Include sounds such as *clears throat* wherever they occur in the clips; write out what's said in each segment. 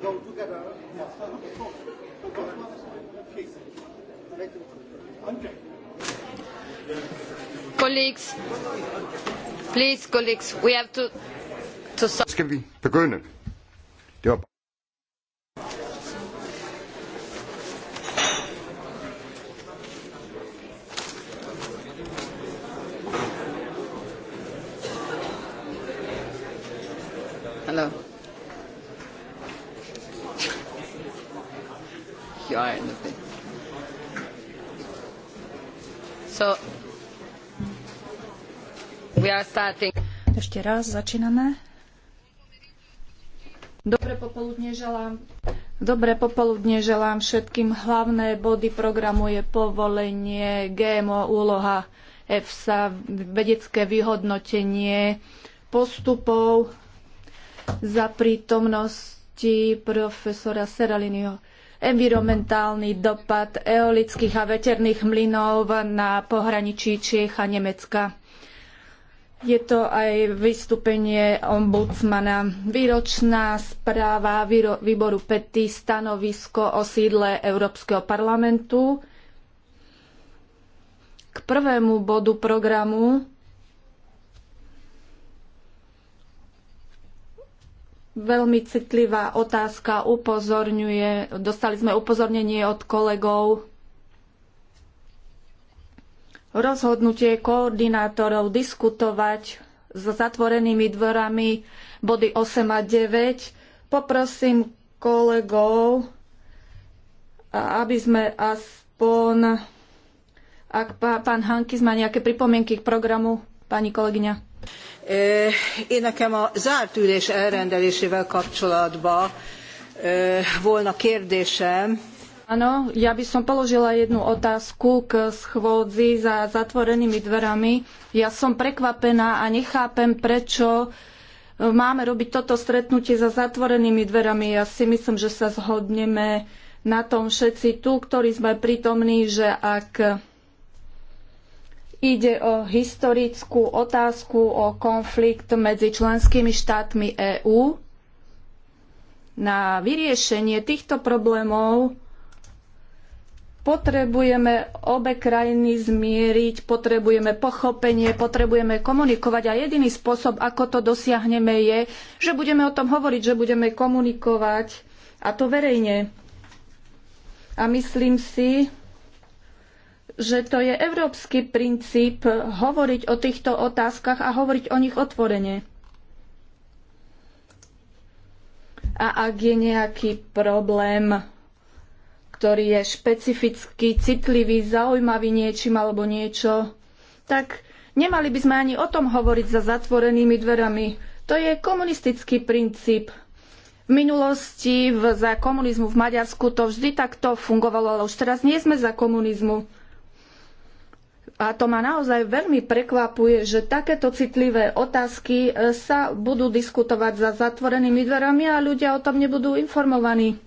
go together. Colleagues, please, colleagues, we have to, to... Skal vi begynde? Det var Ešte raz začíname. Dobré popoludne želám. Dobré popoludne želám všetkým. Hlavné body programu je povolenie GMO úloha EFSA, vedecké vyhodnotenie postupov za prítomnosti profesora Seraliniho environmentálny dopad eolických a veterných mlynov na pohraničí Čiech a Nemecka. Je to aj vystúpenie ombudsmana, výročná správa výboru PETI, stanovisko o sídle Európskeho parlamentu. K prvému bodu programu veľmi citlivá otázka upozorňuje, dostali sme upozornenie od kolegov rozhodnutie koordinátorov diskutovať s zatvorenými dvorami body 8 a 9. Poprosím kolegov, aby sme aspoň, ak pán Hankis má nejaké pripomienky k programu, pani kolegyňa. Eh, én nekem a zárt ülés elrendelésével kapcsolatban eh, volna kérdésem, Áno, ja by som položila jednu otázku k schôdzi za zatvorenými dverami. Ja som prekvapená a nechápem, prečo e, máme robiť toto stretnutie za zatvorenými dverami. Ja si myslím, že sa zhodneme na tom všetci tu, ktorí sme prítomní, že ak ide o historickú otázku, o konflikt medzi členskými štátmi EÚ, na vyriešenie týchto problémov Potrebujeme obe krajiny zmieriť, potrebujeme pochopenie, potrebujeme komunikovať a jediný spôsob, ako to dosiahneme, je, že budeme o tom hovoriť, že budeme komunikovať a to verejne. A myslím si, že to je európsky princíp hovoriť o týchto otázkach a hovoriť o nich otvorene. A ak je nejaký problém, ktorý je špecificky citlivý, zaujímavý niečím alebo niečo, tak nemali by sme ani o tom hovoriť za zatvorenými dverami. To je komunistický princíp. V minulosti v, za komunizmu v Maďarsku to vždy takto fungovalo, ale už teraz nie sme za komunizmu. A to ma naozaj veľmi prekvapuje, že takéto citlivé otázky e, sa budú diskutovať za zatvorenými dverami a ľudia o tom nebudú informovaní.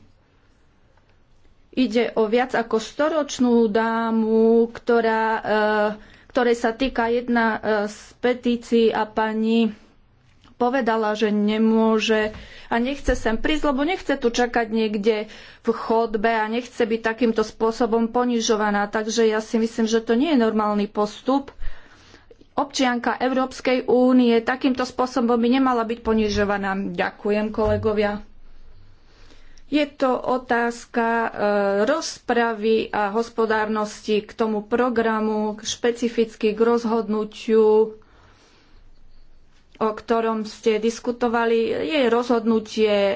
Ide o viac ako storočnú dámu, ktorá, eh, ktorej sa týka jedna eh, z petícií a pani povedala, že nemôže a nechce sem prísť, lebo nechce tu čakať niekde v chodbe a nechce byť takýmto spôsobom ponižovaná. Takže ja si myslím, že to nie je normálny postup. Občianka Európskej únie takýmto spôsobom by nemala byť ponižovaná. Ďakujem, kolegovia. Je to otázka e, rozpravy a hospodárnosti k tomu programu, špecificky k rozhodnutiu, o ktorom ste diskutovali. Je rozhodnutie e,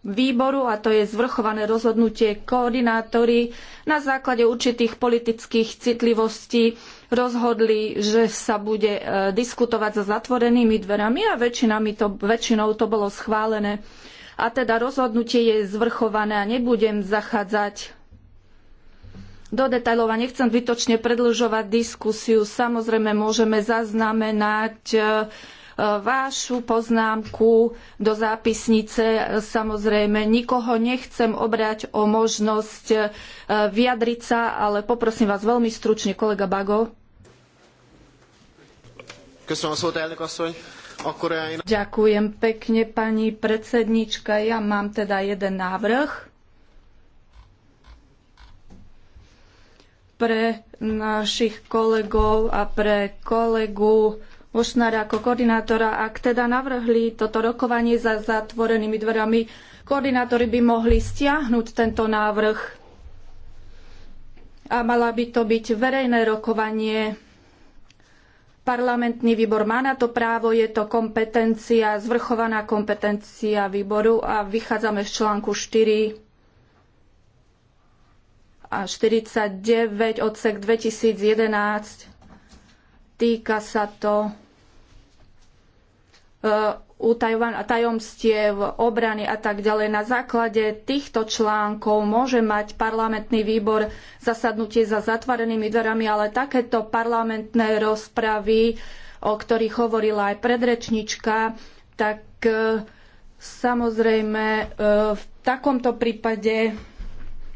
výboru a to je zvrchované rozhodnutie koordinátori na základe určitých politických citlivostí rozhodli, že sa bude e, diskutovať za zatvorenými dverami a väčšinou to bolo schválené a teda rozhodnutie je zvrchované a nebudem zachádzať do detailov a nechcem vytočne predlžovať diskusiu. Samozrejme môžeme zaznamenať e, vášu poznámku do zápisnice. Samozrejme, nikoho nechcem obrať o možnosť e, vyjadriť sa, ale poprosím vás veľmi stručne, kolega Bago. Köszönöm a szót, elnök asszony. Ďakujem pekne, pani predsednička. Ja mám teda jeden návrh pre našich kolegov a pre kolegu Mošnára ako koordinátora. Ak teda navrhli toto rokovanie za zatvorenými dverami, koordinátori by mohli stiahnuť tento návrh a mala by to byť verejné rokovanie Parlamentný výbor má na to právo, je to kompetencia, zvrchovaná kompetencia výboru a vychádzame z článku 4 a 49 odsek 2011. Týka sa to e, a tajomstiev, obrany a tak ďalej. Na základe týchto článkov môže mať parlamentný výbor zasadnutie za zatvorenými dverami, ale takéto parlamentné rozpravy, o ktorých hovorila aj predrečnička, tak e, samozrejme e, v takomto prípade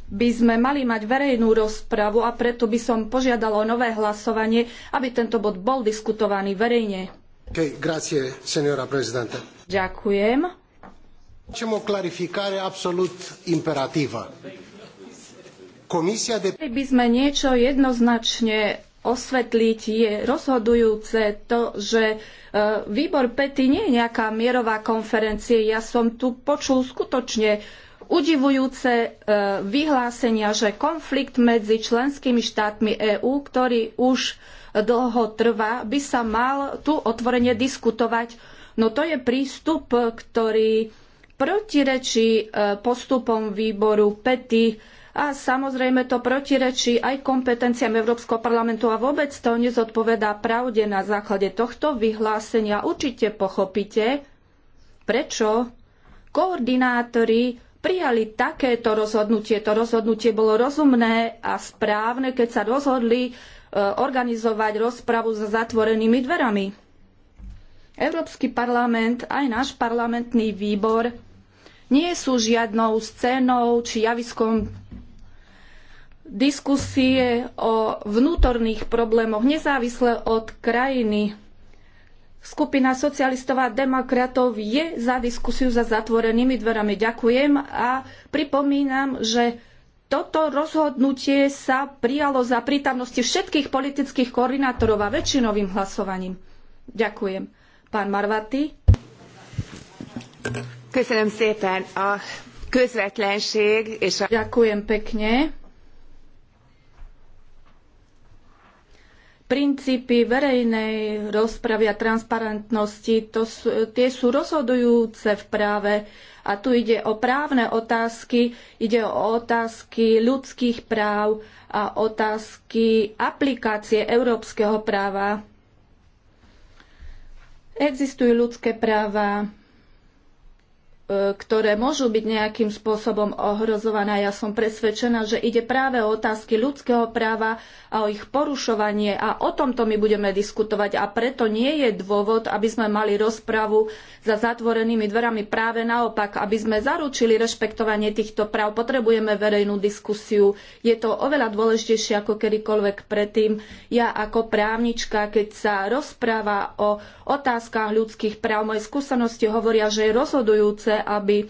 by sme mali mať verejnú rozpravu a preto by som požiadala o nové hlasovanie, aby tento bod bol diskutovaný verejne. Okay, grazie, signora Ďakujem. Facem o absolut imperativă. Komisia de... by sme niečo jednoznačne osvetliť, je rozhodujúce to, že e, výbor PETI nie je nejaká mierová konferencia, Ja som tu počul skutočne udivujúce e, vyhlásenia, že konflikt medzi členskými štátmi EÚ, ktorý už dlho trvá, by sa mal tu otvorene diskutovať. No to je prístup, ktorý protirečí e, postupom výboru PETI a samozrejme to protirečí aj kompetenciám Európskeho parlamentu a vôbec to nezodpovedá pravde na základe tohto vyhlásenia. Určite pochopíte, prečo koordinátori prijali takéto rozhodnutie. To rozhodnutie bolo rozumné a správne, keď sa rozhodli E, organizovať rozpravu za zatvorenými dverami. Európsky parlament, aj náš parlamentný výbor nie sú žiadnou scénou či javiskom diskusie o vnútorných problémoch, nezávisle od krajiny. Skupina socialistov a demokratov je za diskusiu za zatvorenými dverami. Ďakujem a pripomínam, že toto rozhodnutie sa prijalo za prítomnosti všetkých politických koordinátorov a väčšinovým hlasovaním. Ďakujem. Pán Marvati Ďakujem pekne. princípy verejnej rozpravy a transparentnosti, to sú, tie sú rozhodujúce v práve. A tu ide o právne otázky, ide o otázky ľudských práv a otázky aplikácie európskeho práva. Existujú ľudské práva, E, ktoré môžu byť nejakým spôsobom ohrozované. Ja som presvedčená, že ide práve o otázky ľudského práva a o ich porušovanie a o tomto my budeme diskutovať a preto nie je dôvod, aby sme mali rozpravu za zatvorenými dverami. Práve naopak, aby sme zaručili rešpektovanie týchto práv, potrebujeme verejnú diskusiu. Je to oveľa dôležitejšie ako kedykoľvek predtým. Ja ako právnička, keď sa rozpráva o otázkach ľudských práv, moje skúsenosti hovoria, že je rozhodujúce, aby e,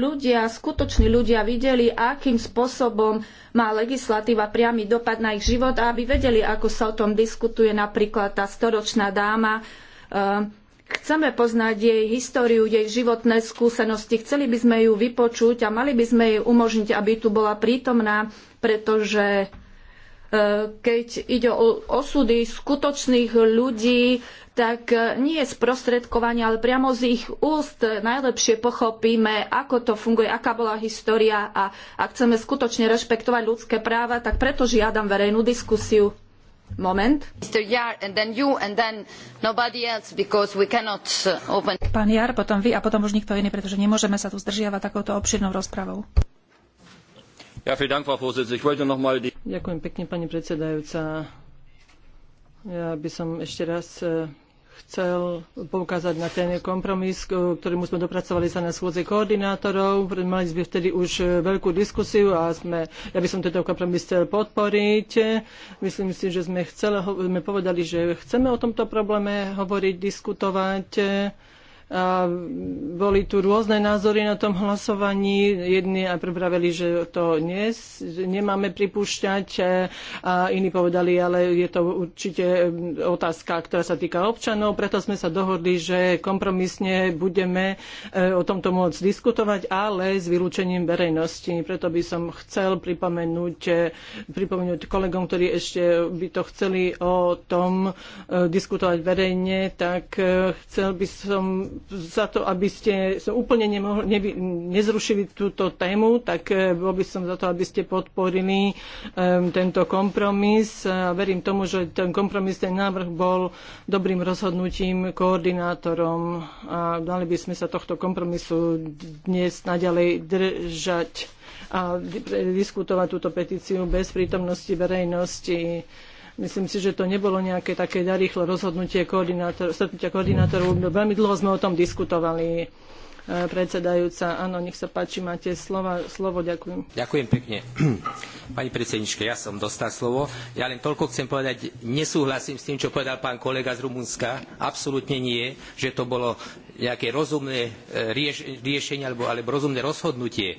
ľudia, skutoční ľudia videli, akým spôsobom má legislatíva priamy dopad na ich život a aby vedeli, ako sa o tom diskutuje napríklad tá storočná dáma. E, chceme poznať jej históriu, jej životné skúsenosti, chceli by sme ju vypočuť a mali by sme jej umožniť, aby tu bola prítomná, pretože e, keď ide o osudy skutočných ľudí, tak e, nie sprostredkovanie, ale priamo z ich úst najlepšie pochopíme, ako to funguje, aká bola história a ak chceme skutočne rešpektovať ľudské práva, tak preto žiadam verejnú diskusiu. Moment. Pán Jar, potom vy a potom už nikto iný, pretože nemôžeme sa tu zdržiavať takouto obširnou rozpravou. Ja, Dank, mal... Ďakujem pekne, pani predsedajúca. Ja by som ešte raz e, chcel poukázať na ten kompromis, ktorému sme dopracovali sa na schôdze koordinátorov. Mali sme vtedy už veľkú diskusiu a sme, ja by som tento kompromis chcel podporiť. Myslím si, že sme, chceli, sme povedali, že chceme o tomto probléme hovoriť, diskutovať a boli tu rôzne názory na tom hlasovaní. Jedni aj pripravili, že to nie, nemáme pripúšťať e, a iní povedali, ale je to určite e, otázka, ktorá sa týka občanov. Preto sme sa dohodli, že kompromisne budeme e, o tomto môcť diskutovať, ale s vylúčením verejnosti. Preto by som chcel pripomenúť, pripomenúť kolegom, ktorí ešte by to chceli o tom diskutovať verejne, tak chcel by som za to, aby ste som úplne nemohli, neby, nezrušili túto tému, tak e, bol by som za to, aby ste podporili um, tento kompromis. E, a verím tomu, že ten kompromis, ten návrh bol dobrým rozhodnutím koordinátorom a mali by sme sa tohto kompromisu dnes naďalej držať a diskutovať túto petíciu bez prítomnosti verejnosti. Myslím si, že to nebolo nejaké také rýchle rozhodnutie koordinátor, stretnutia koordinátorov. Veľmi dlho sme o tom diskutovali. E, predsedajúca, áno, nech sa páči, máte slova, slovo, ďakujem. Ďakujem pekne. *clears throat* Pani predsednička, ja som dostal slovo. Ja len toľko chcem povedať, nesúhlasím s tým, čo povedal pán kolega z Rumunska. Absolútne nie, že to bolo nejaké rozumné e, riešenie alebo, alebo rozumné rozhodnutie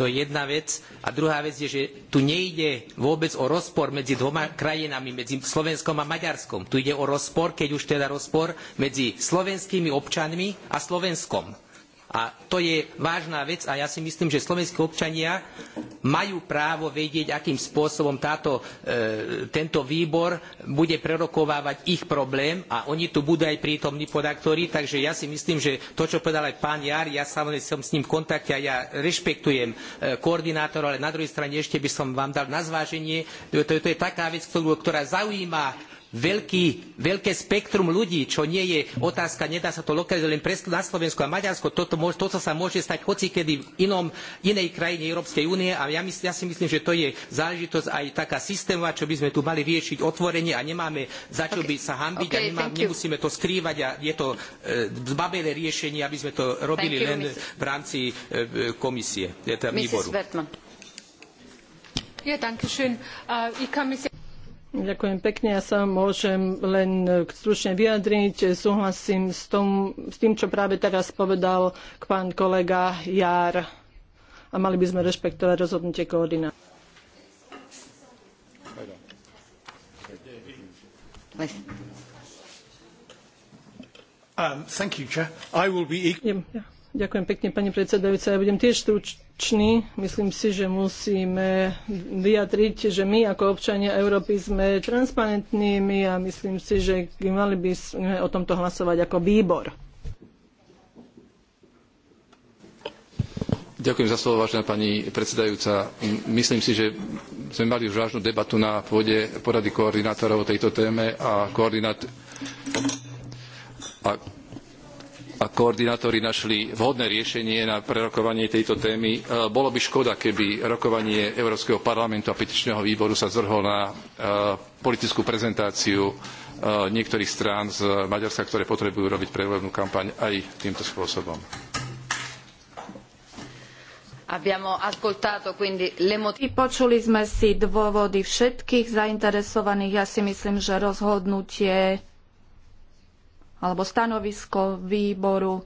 to je jedna vec. A druhá vec je, že tu nejde vôbec o rozpor medzi dvoma krajinami, medzi Slovenskom a Maďarskom. Tu ide o rozpor, keď už teda rozpor medzi slovenskými občanmi a Slovenskom. A to je vážna vec a ja si myslím, že slovenskí občania majú právo vedieť, akým spôsobom táto, e, tento výbor bude prerokovávať ich problém a oni tu budú aj prítomní podaktori, takže ja si myslím, že to, čo povedal aj pán Jar, ja samozrejme som s ním v kontakte a ja rešpektujem e, koordinátorov, ale na druhej strane ešte by som vám dal na zváženie, to, to je taká vec, ktorú, ktorá zaujíma veľký, veľké spektrum ľudí, čo nie je otázka, nedá sa to lokalizovať len pre, na Slovensko a Maďarsko. Toto, toto sa môže stať hocikedy v inom, inej krajine Európskej únie a ja, mysl, ja, si myslím, že to je záležitosť aj taká systémová, čo by sme tu mali riešiť otvorene a nemáme za čo by sa hambiť okay, a nemá, nemusíme to skrývať a je to e, zbabelé riešenie, aby sme to robili you, len Mrs. v rámci e, komisie, teda výboru. Ja, Ďakujem pekne, ja sa môžem len e, stručne vyjadriť. Súhlasím s, tom, s tým, čo práve teraz povedal pán kolega Jar. A mali by sme rešpektovať rozhodnutie koordinátora. Um, Ďakujem pekne, pani predsedajúca. Ja budem tiež stručný. Myslím si, že musíme vyjadriť, že my ako občania Európy sme transparentnými a myslím si, že mali by sme o tomto hlasovať ako výbor. Ďakujem za slovo, vážená pani predsedajúca. Myslím si, že sme mali už vážnu debatu na pôde porady koordinátorov o tejto téme a koordinátor. A a koordinátori našli vhodné riešenie na prerokovanie tejto témy. E, bolo by škoda, keby rokovanie Európskeho parlamentu a petičného výboru sa zvrhlo na e, politickú prezentáciu e, niektorých strán z Maďarska, ktoré potrebujú robiť predvolebnú kampaň aj týmto spôsobom. Vypočuli sme si dôvody všetkých zainteresovaných. Ja si myslím, že rozhodnutie alebo stanovisko výboru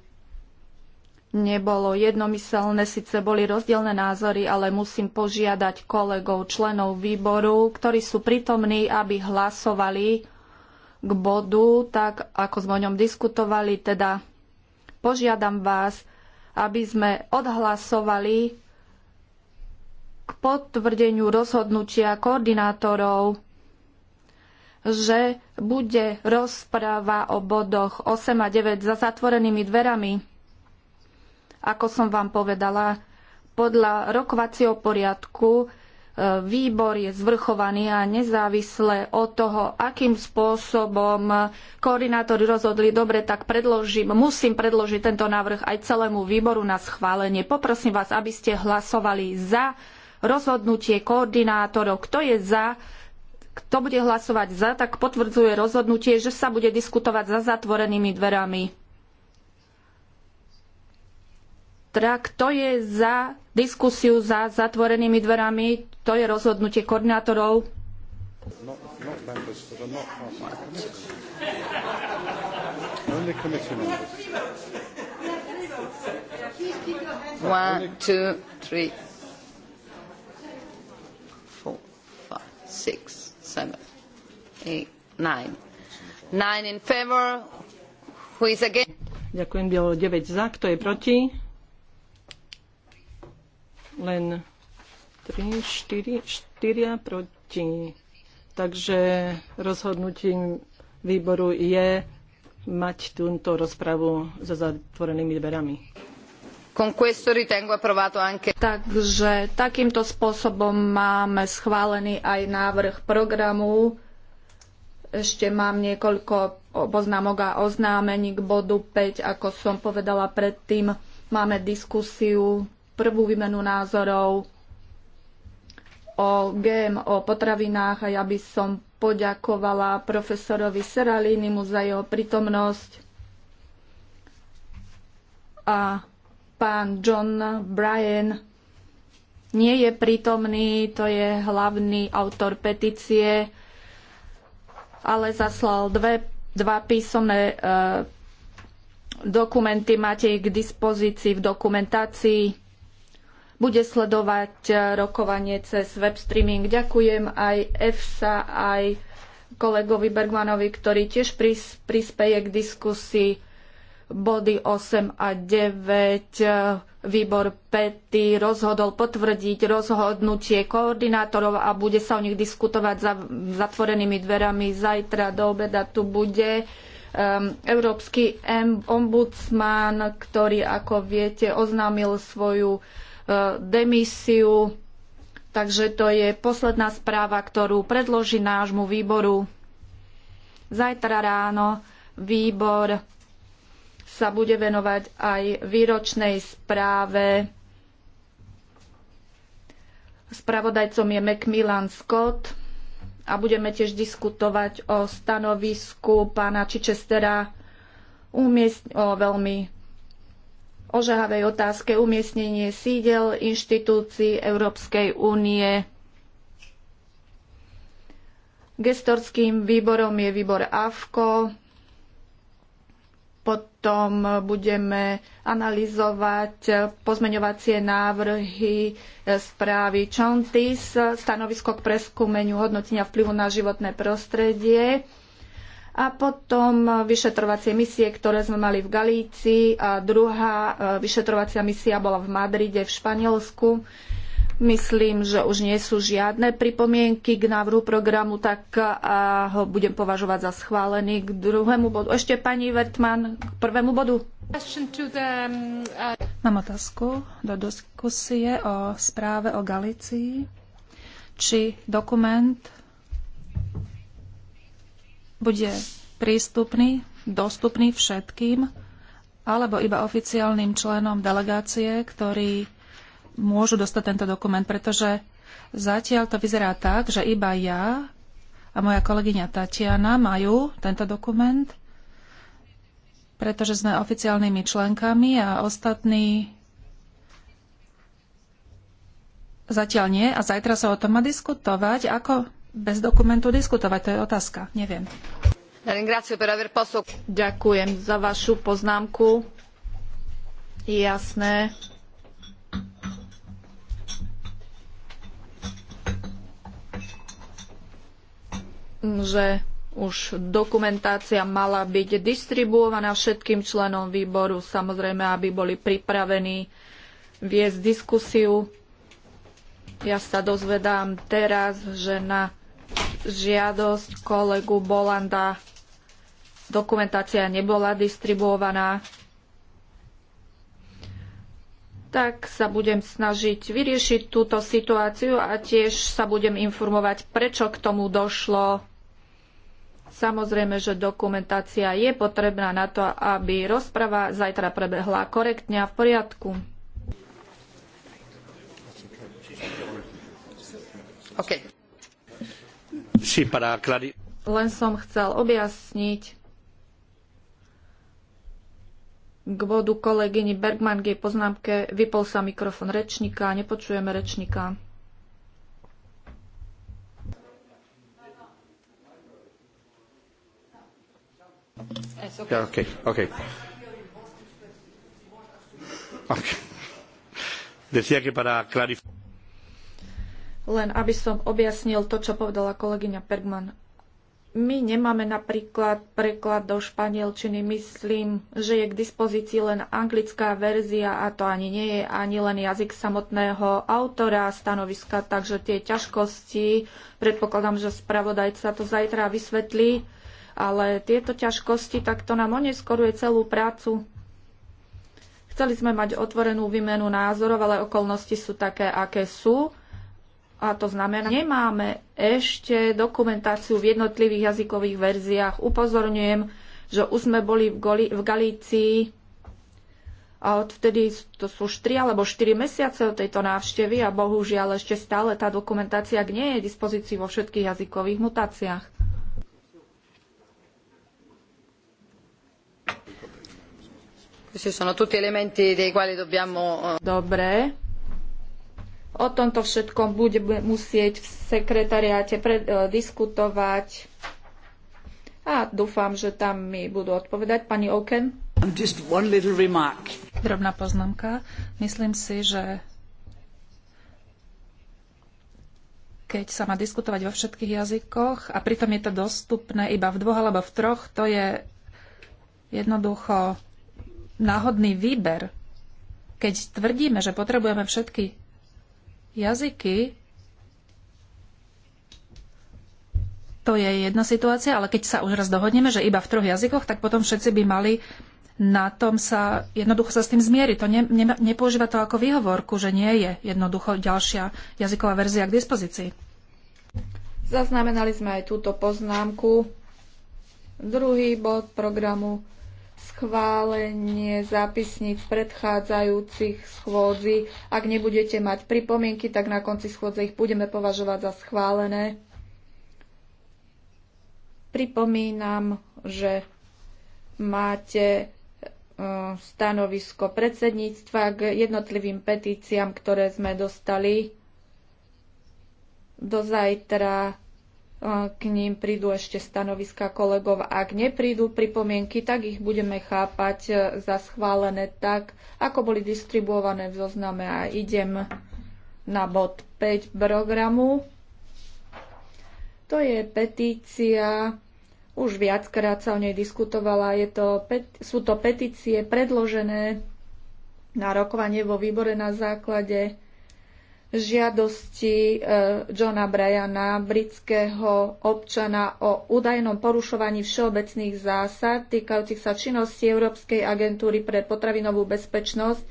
nebolo jednomyselné, síce boli rozdielne názory, ale musím požiadať kolegov, členov výboru, ktorí sú prítomní, aby hlasovali k bodu, tak ako sme o ňom diskutovali. Teda požiadam vás, aby sme odhlasovali k potvrdeniu rozhodnutia koordinátorov že bude rozpráva o bodoch 8 a 9 za zatvorenými dverami. Ako som vám povedala, podľa rokovacieho poriadku e, výbor je zvrchovaný a nezávisle od toho, akým spôsobom koordinátori rozhodli, dobre, tak predložím, musím predložiť tento návrh aj celému výboru na schválenie. Poprosím vás, aby ste hlasovali za rozhodnutie koordinátorov, kto je za kto bude hlasovať za, tak potvrdzuje rozhodnutie, že sa bude diskutovať za zatvorenými dverami. Teda kto je za diskusiu za zatvorenými dverami, to je rozhodnutie koordinátorov. No, no, no, One, six. Ďakujem, bolo 9 za, kto je proti? Len 4, proti. Takže rozhodnutím výboru je mať túto rozpravu za zatvorenými dverami. Takže takýmto spôsobom máme schválený aj návrh programu ešte mám niekoľko poznámok a oznámení k bodu 5. Ako som povedala predtým, máme diskusiu, prvú výmenu názorov o GM o potravinách a ja by som poďakovala profesorovi Seralinimu za jeho prítomnosť a pán John Bryan nie je prítomný, to je hlavný autor petície ale zaslal dve, dva písomné e, dokumenty, máte ich k dispozícii v dokumentácii. Bude sledovať e, rokovanie cez web streaming. Ďakujem aj EFSA, aj kolegovi Bergmanovi, ktorý tiež pris, prispieje k diskusii body 8 a 9 Výbor PETI rozhodol potvrdiť rozhodnutie koordinátorov a bude sa o nich diskutovať za zatvorenými dverami. Zajtra do obeda tu bude um, Európsky ombudsman, ktorý, ako viete, oznámil svoju uh, demisiu. Takže to je posledná správa, ktorú predloží nášmu výboru. Zajtra ráno výbor sa bude venovať aj výročnej správe. Spravodajcom je Macmillan Scott a budeme tiež diskutovať o stanovisku pána Čičestera o veľmi ožahavej otázke umiestnenie sídel inštitúcií Európskej únie. Gestorským výborom je výbor AFKO, potom budeme analyzovať pozmeňovacie návrhy správy Čontis, stanovisko k preskúmeniu hodnotenia vplyvu na životné prostredie a potom vyšetrovacie misie, ktoré sme mali v Galícii a druhá e, vyšetrovacia misia bola v Madride v Španielsku. Myslím, že už nie sú žiadne pripomienky k návrhu programu, tak ho budem považovať za schválený k druhému bodu. Ešte pani Vertman k prvému bodu. Uh, Mám otázku do diskusie o správe o Galícii. Či dokument bude prístupný, dostupný všetkým, alebo iba oficiálnym členom delegácie, ktorí môžu dostať tento dokument, pretože zatiaľ to vyzerá tak, že iba ja a moja kolegyňa Tatiana majú tento dokument, pretože sme oficiálnymi členkami a ostatní zatiaľ nie a zajtra sa o tom má diskutovať. Ako bez dokumentu diskutovať? To je otázka. Neviem. Ďakujem za vašu poznámku. Jasné že už dokumentácia mala byť distribuovaná všetkým členom výboru, samozrejme, aby boli pripravení viesť diskusiu. Ja sa dozvedám teraz, že na žiadosť kolegu Bolanda dokumentácia nebola distribuovaná. Tak sa budem snažiť vyriešiť túto situáciu a tiež sa budem informovať, prečo k tomu došlo Samozrejme, že dokumentácia je potrebná na to, aby rozprava zajtra prebehla korektne a v poriadku. Okay. Len som chcel objasniť k bodu kolegyni Bergman, poznámke vypol sa mikrofon rečníka, nepočujeme rečníka. okay. Yeah, okay, okay. Decía que para Len aby som objasnil to, čo povedala kolegyňa Pergman. My nemáme napríklad preklad do španielčiny. Myslím, že je k dispozícii len anglická verzia a to ani nie je ani len jazyk samotného autora stanoviska, takže tie ťažkosti, predpokladám, že spravodajca to zajtra vysvetlí, ale tieto ťažkosti takto nám oneskoruje celú prácu. Chceli sme mať otvorenú výmenu názorov, ale okolnosti sú také, aké sú. A to znamená, nemáme ešte dokumentáciu v jednotlivých jazykových verziách. Upozorňujem, že už sme boli v, Goli- v Galícii a odvtedy to sú 3 alebo 4 mesiace od tejto návštevy a bohužiaľ ešte stále tá dokumentácia nie je v dispozícii vo všetkých jazykových mutáciách. Eh, Dobre. O tomto všetkom budeme musieť v sekretariáte eh, diskutovať a dúfam, že tam mi budú odpovedať pani Oken. Drobná poznámka. Myslím si, že keď sa má diskutovať vo všetkých jazykoch a pritom je to dostupné iba v dvoch alebo v troch, to je jednoducho náhodný výber. Keď tvrdíme, že potrebujeme všetky jazyky, to je jedna situácia, ale keď sa už raz dohodneme, že iba v troch jazykoch, tak potom všetci by mali na tom sa, jednoducho sa s tým zmieri. To ne, ne, nepoužíva to ako výhovorku, že nie je jednoducho ďalšia jazyková verzia k dispozícii. Zaznamenali sme aj túto poznámku. Druhý bod programu schválenie zápisníc predchádzajúcich schôdzi. Ak nebudete mať pripomienky, tak na konci schôdze ich budeme považovať za schválené. Pripomínam, že máte e, stanovisko predsedníctva k jednotlivým petíciám, ktoré sme dostali do zajtra E, k ním prídu ešte stanoviska kolegov. Ak neprídu pripomienky, tak ich budeme chápať e, za schválené tak, ako boli distribuované v zozname. A idem na bod 5 programu. To je petícia, už viackrát sa o nej diskutovala, je to, sú to petície predložené na rokovanie vo výbore na základe žiadosti eh, Johna Bryana, britského občana o údajnom porušovaní všeobecných zásad týkajúcich sa činnosti Európskej agentúry pre potravinovú bezpečnosť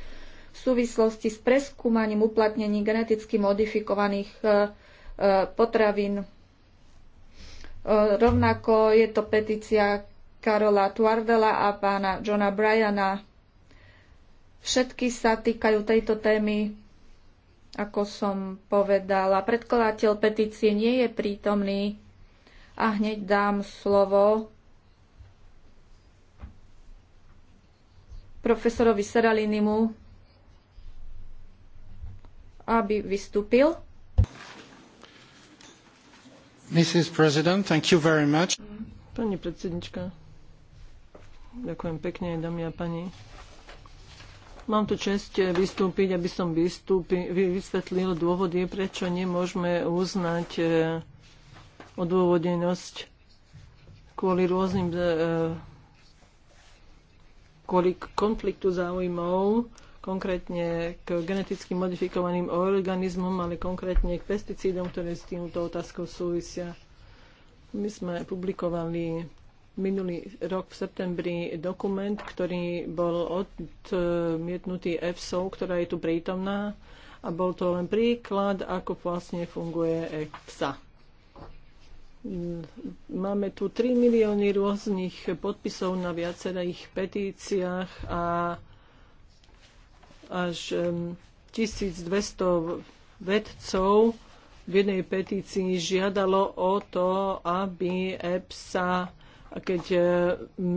v súvislosti s preskúmaním uplatnení geneticky modifikovaných eh, eh, potravín. Rovnako je to petícia Karola Tuardela a pána Johna Bryana. Všetky sa týkajú tejto témy ako som povedala, predkladateľ petície nie je prítomný a hneď dám slovo profesorovi Seralinimu, aby vystúpil. Mrs. President, thank you very much. Pani predsednička, ďakujem pekne, dámy a pani. Mám tu čest vystúpiť, aby som vystúpi, vysvetlil dôvody, prečo nemôžeme uznať e, odôvodenosť kvôli rôznym e, kvôli konfliktu záujmov, konkrétne k geneticky modifikovaným organizmom, ale konkrétne k pesticídom, ktoré s týmto otázkou súvisia. My sme publikovali minulý rok v septembri dokument, ktorý bol odmietnutý EFSO, ktorá je tu prítomná a bol to len príklad, ako vlastne funguje EFSA. Máme tu 3 milióny rôznych podpisov na viacerých petíciách a až 1200 vedcov v jednej petícii žiadalo o to, aby EPSA keď e,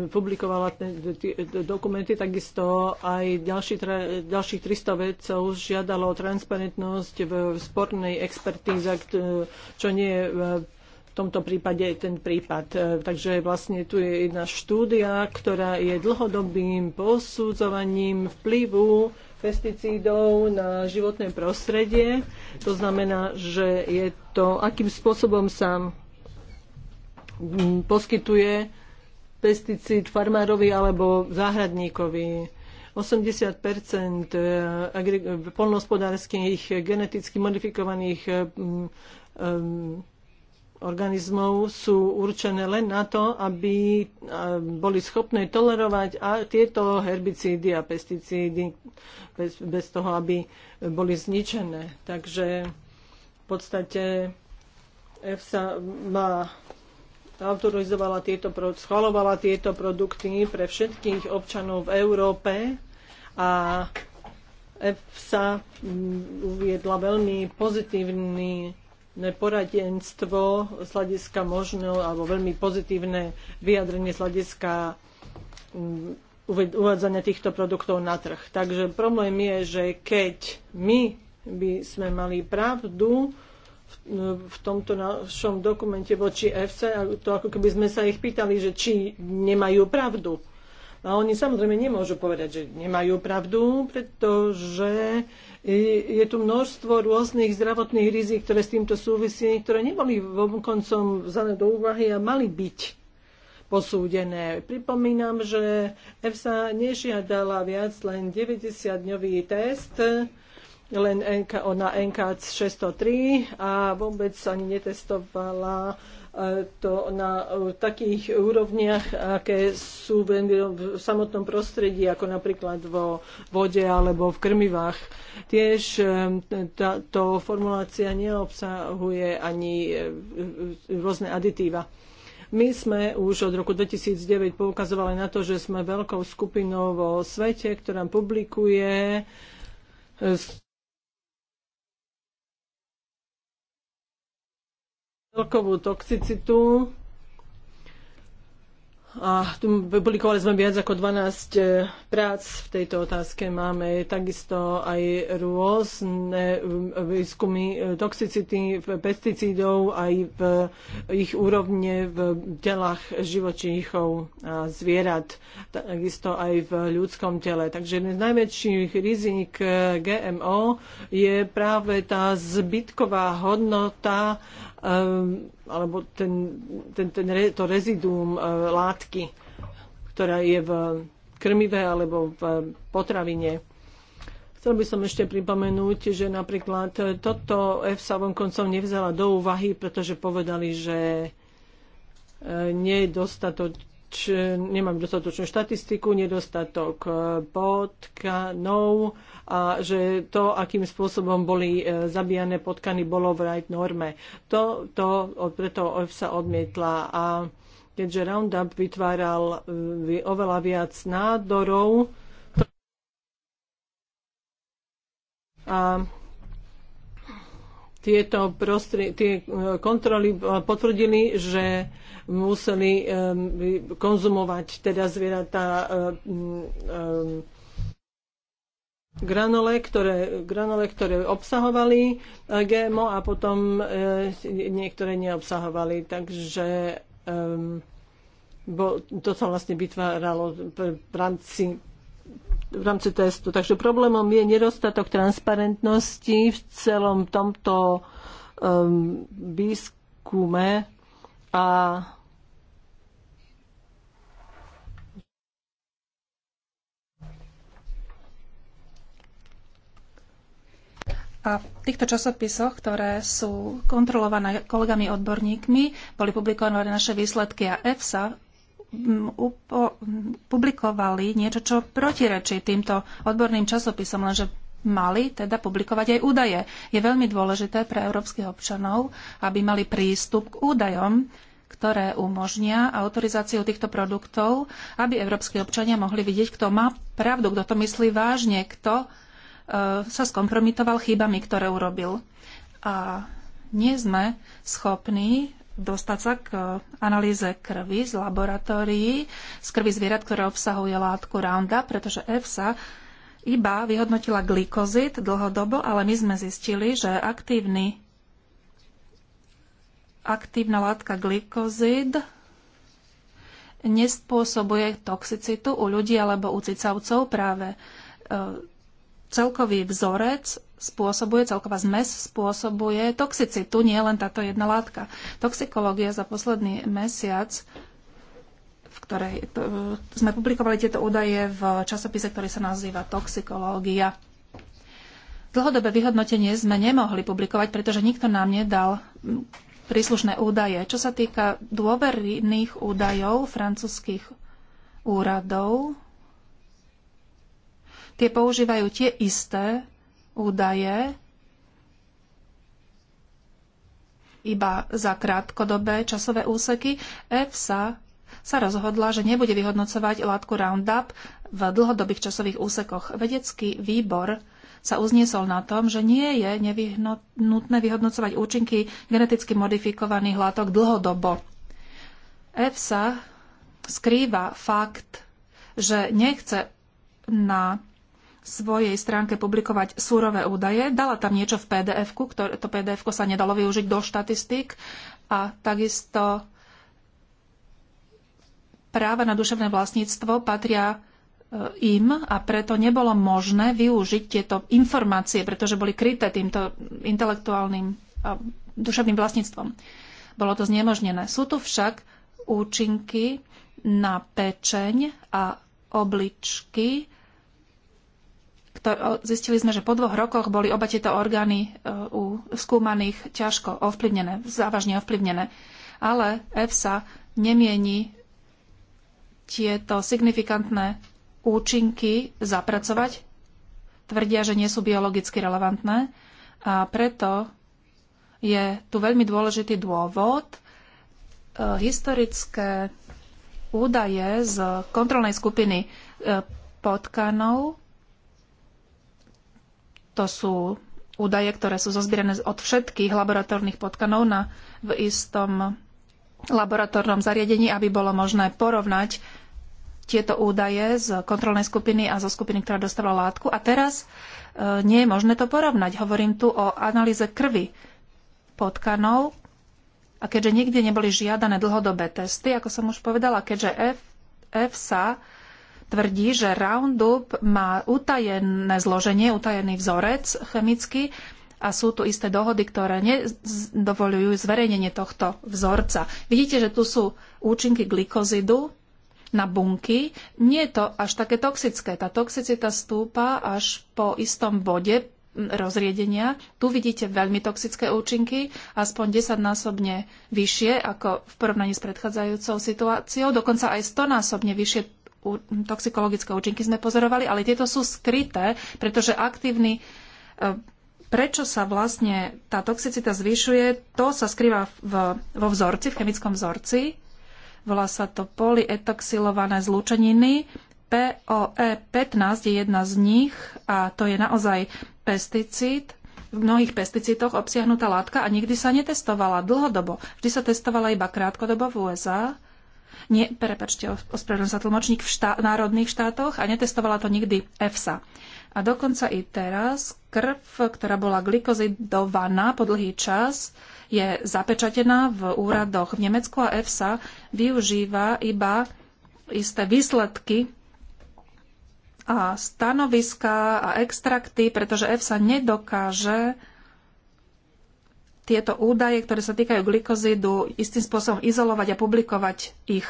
publikovala dokumenty, takisto aj ďalší, ďalších 300 vedcov žiadalo transparentnosť v spornej expertíze, e, čo nie je e, v tomto prípade ten prípad. Takže vlastne tu je jedna štúdia, ktorá je dlhodobým posudzovaním vplyvu pesticídov na životné prostredie. To znamená, že je to, akým spôsobom sa poskytuje pesticíd farmárovi alebo záhradníkovi. 80 eh, eh, polnospodárských geneticky modifikovaných eh, organizmov sú určené len na to, aby boli schopné tolerovať a tieto herbicídy a pesticídy bez, bez toho, aby boli zničené. Takže v podstate EFSA má autorizovala tieto, schvalovala tieto produkty pre všetkých občanov v Európe a EFSA mm, uviedla veľmi pozitívny poradenstvo z hľadiska možno, alebo veľmi pozitívne vyjadrenie z hľadiska mm, uvádzania týchto produktov na trh. Takže problém je, že keď my by sme mali pravdu, v tomto našom dokumente voči FC, to ako keby sme sa ich pýtali, že či nemajú pravdu. A oni samozrejme nemôžu povedať, že nemajú pravdu, pretože je tu množstvo rôznych zdravotných rizik, ktoré s týmto súvisí, ktoré neboli koncom vzané do úvahy a mali byť posúdené. Pripomínam, že EFSA nežiadala viac len 90-dňový test, len NK, na NK 603 a vôbec ani netestovala e, to na e, takých úrovniach, aké sú e, v samotnom prostredí, ako napríklad vo vode alebo v krmivách. Tiež táto formulácia neobsahuje ani rôzne aditíva. My sme už od roku 2009 poukazovali na to, že sme veľkou skupinou vo svete, ktorá publikuje celkovú toxicitu. A tu publikovali sme viac ako 12 e, prác v tejto otázke. Máme takisto aj rôzne e, výskumy e, toxicity v pesticídov, aj v ich úrovne v telách živočíchov a zvierat, takisto aj v ľudskom tele. Takže jeden z najväčších rizik GMO je práve tá zbytková hodnota Ehm, alebo ten, ten, ten, to reziduum e, látky, ktorá je v krmive alebo v potravine. Chcel by som ešte pripomenúť, že napríklad toto EFSA vonkoncom nevzala do úvahy, pretože povedali, že e, nie je dostatok nemám dostatočnú štatistiku, nedostatok e, potkanov a že to, akým spôsobom boli e, zabíjane potkany, bolo v right norme. To, to preto sa odmietla a keďže Roundup vytváral e, oveľa viac nádorov a tieto prostri- tie e, kontroly e, potvrdili, že museli e, konzumovať teda zvieratá granole, ktoré, granole, ktoré obsahovali GMO a potom niektoré neobsahovali. Takže bo, to sa vlastne vytváralo v rámci v rámci testu. Takže problémom je nedostatok transparentnosti v celom tomto um, výskume a A v týchto časopisoch, ktoré sú kontrolované kolegami odborníkmi, boli publikované naše výsledky a EFSA upo- publikovali niečo, čo protirečí týmto odborným časopisom, lenže mali teda publikovať aj údaje. Je veľmi dôležité pre európskych občanov, aby mali prístup k údajom, ktoré umožnia autorizáciu týchto produktov, aby európsky občania mohli vidieť, kto má pravdu, kto to myslí vážne, kto e, sa skompromitoval chybami, ktoré urobil. A nie sme schopní dostať sa k eh, analýze krvi z laboratórií, z krvi zvierat, ktoré obsahuje látku Roundup, pretože EFSA iba vyhodnotila glykozid dlhodobo, ale my sme zistili, že aktívny, aktívna látka glykozid nespôsobuje toxicitu u ľudí alebo u cicavcov práve eh, celkový vzorec spôsobuje, celková zmes spôsobuje toxicitu, nie len táto jedna látka. Toxikológia za posledný mesiac v ktorej to, eh, sme publikovali tieto údaje v časopise, ktorý sa nazýva Toxikológia. Dlhodobé vyhodnotenie sme nemohli publikovať, pretože nikto nám nedal hm, príslušné údaje. Čo sa týka dôverných údajov francúzských úradov, tie používajú tie isté údaje iba za krátkodobé časové úseky, EFSA sa rozhodla, že nebude vyhodnocovať látku Roundup v dlhodobých časových úsekoch. Vedecký výbor sa uzniesol na tom, že nie je nevyhnutné vyhodnocovať účinky geneticky modifikovaných látok dlhodobo. EFSA skrýva fakt, že nechce na svojej stránke publikovať súrové údaje. Dala tam niečo v PDF-ku, ktoré, to pdf sa nedalo využiť do štatistík a takisto práva na duševné vlastníctvo patria e, im a preto nebolo možné využiť tieto informácie, pretože boli kryté týmto intelektuálnym a duševným vlastníctvom. Bolo to znemožnené. Sú tu však účinky na pečeň a obličky, Zistili sme, že po dvoch rokoch boli oba tieto orgány e, u skúmaných ťažko ovplyvnené, závažne ovplyvnené. Ale EFSA nemieni tieto signifikantné účinky zapracovať. Tvrdia, že nie sú biologicky relevantné a preto je tu veľmi dôležitý dôvod. E, historické údaje z kontrolnej skupiny e, potkanov to sú údaje, ktoré sú zozbierané od všetkých laboratórnych potkanov na, v istom laboratórnom zariadení, aby bolo možné porovnať tieto údaje z kontrolnej skupiny a zo skupiny, ktorá dostala látku. A teraz e, nie je možné to porovnať. Hovorím tu o analýze krvi potkanov. A keďže nikdy neboli žiadané dlhodobé testy, ako som už povedala, keďže F, sa tvrdí, že Roundup má utajené zloženie, utajený vzorec chemický a sú tu isté dohody, ktoré nedovolujú zverejnenie tohto vzorca. Vidíte, že tu sú účinky glikozidu na bunky. Nie je to až také toxické. Tá toxicita stúpa až po istom bode rozriedenia. Tu vidíte veľmi toxické účinky, aspoň 10-násobne vyššie ako v porovnaní s predchádzajúcou situáciou, dokonca aj 100-násobne vyššie toxikologické účinky sme pozorovali, ale tieto sú skryté, pretože aktívny e, prečo sa vlastne tá toxicita zvyšuje, to sa skrýva v, vo vzorci, v chemickom vzorci. Volá sa to polyetoxilované zlúčeniny. POE15 je jedna z nich a to je naozaj pesticíd. V mnohých pesticídoch obsiahnutá látka a nikdy sa netestovala dlhodobo. Vždy sa testovala iba krátkodobo v USA nie, prepačte, ospravedlňujem sa tlmočník v štá, národných štátoch a netestovala to nikdy EFSA. A dokonca i teraz krv, ktorá bola glikozidovaná po dlhý čas, je zapečatená v úradoch v Nemecku a EFSA využíva iba isté výsledky a stanoviska a extrakty, pretože EFSA nedokáže tieto údaje, ktoré sa týkajú glikozidu, istým spôsobom izolovať a publikovať ich.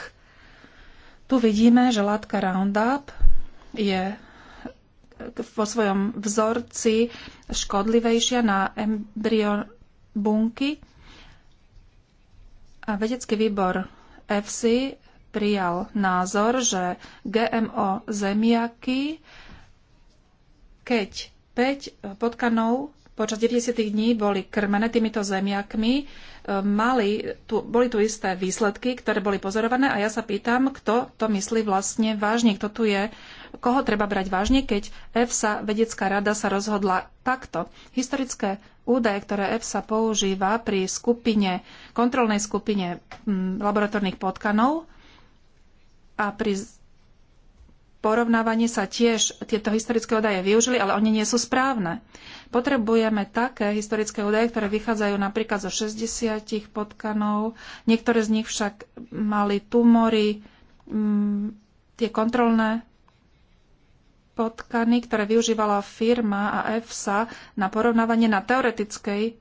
Tu vidíme, že látka Roundup je vo svojom vzorci škodlivejšia na embryo bunky. A vedecký výbor FC prijal názor, že GMO zemiaky, keď 5 potkanov počas 90. dní boli krmené týmito zemiakmi. E, mali, tu, boli tu isté výsledky, ktoré boli pozorované a ja sa pýtam, kto to myslí vlastne vážne, kto tu je, koho treba brať vážne, keď EFSA, vedecká rada, sa rozhodla takto. Historické údaje, ktoré EFSA používa pri skupine, kontrolnej skupine laboratórnych potkanov a pri porovnávanie sa tiež tieto historické údaje využili, ale oni nie sú správne. Potrebujeme také historické údaje, ktoré vychádzajú napríklad zo 60 potkanov, niektoré z nich však mali tumory, m, mm, tie kontrolné potkany, ktoré využívala firma a EFSA na porovnávanie na teoretickej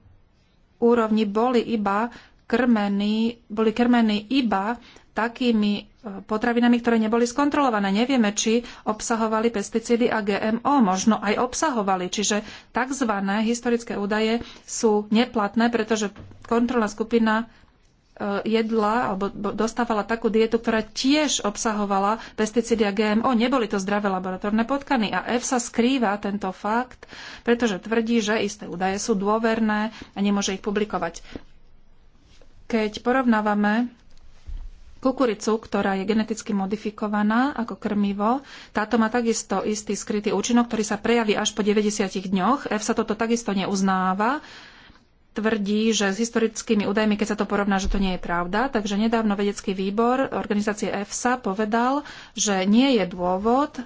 úrovni, boli iba krmení, boli krmení iba takými potravinami, ktoré neboli skontrolované. Nevieme, či obsahovali pesticídy a GMO, možno aj obsahovali. Čiže tzv. historické údaje sú neplatné, pretože kontrolná skupina e, jedla alebo dostávala takú dietu, ktorá tiež obsahovala pesticídy a GMO. Neboli to zdravé laboratórne potkany. A EFSA skrýva tento fakt, pretože tvrdí, že isté údaje sú dôverné a nemôže ich publikovať. Keď porovnávame kukuricu, ktorá je geneticky modifikovaná ako krmivo. Táto má takisto istý skrytý účinok, ktorý sa prejaví až po 90 dňoch. EFSA toto takisto neuznáva tvrdí, že s historickými údajmi, keď sa to porovná, že to nie je pravda. Takže nedávno vedecký výbor organizácie EFSA povedal, že nie je dôvod,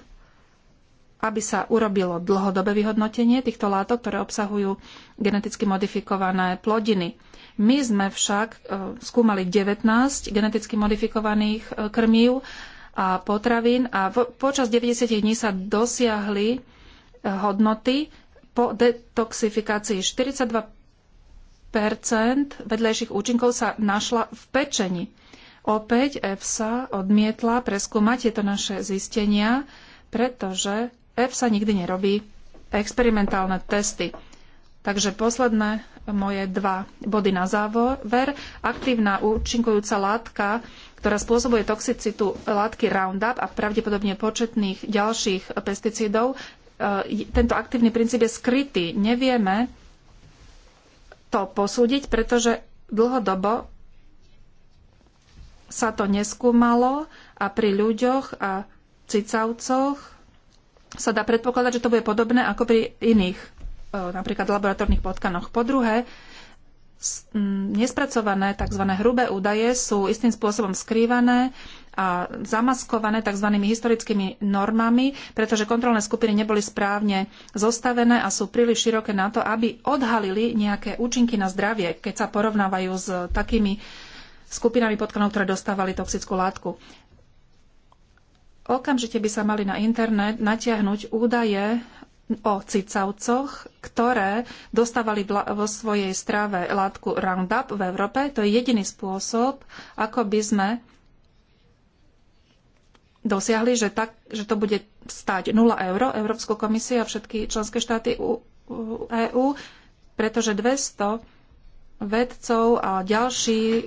aby sa urobilo dlhodobé vyhodnotenie týchto látok, ktoré obsahujú geneticky modifikované plodiny. My sme však e, skúmali 19 geneticky modifikovaných e, krmív a potravín a v, počas 90 dní sa dosiahli e, hodnoty po detoxifikácii 42 vedľajších účinkov sa našla v pečení. Opäť EFSA odmietla preskúmať tieto naše zistenia, pretože EFSA nikdy nerobí experimentálne testy. Takže posledné moje dva body na záver. Aktívna účinkujúca látka, ktorá spôsobuje toxicitu látky Roundup a pravdepodobne početných ďalších pesticídov, e, tento aktívny princíp je skrytý. Nevieme to posúdiť, pretože dlhodobo sa to neskúmalo a pri ľuďoch a cicavcoch sa dá predpokladať, že to bude podobné ako pri iných E, napríklad laboratórnych potkanoch. Po druhé, nespracované tzv. hrubé údaje sú istým spôsobom skrývané a zamaskované tzv. historickými normami, pretože kontrolné skupiny neboli správne zostavené a sú príliš široké na to, aby odhalili nejaké účinky na zdravie, keď sa porovnávajú s takými skupinami potkanov, ktoré dostávali toxickú látku. Okamžite by sa mali na internet natiahnuť údaje o cicavcoch, ktoré dostávali vo svojej strave látku Roundup v Európe. To je jediný spôsob, ako by sme dosiahli, že, tak, že to bude stať 0 euro Európsku komisiu a všetky členské štáty EÚ, pretože 200 vedcov a ďalší e,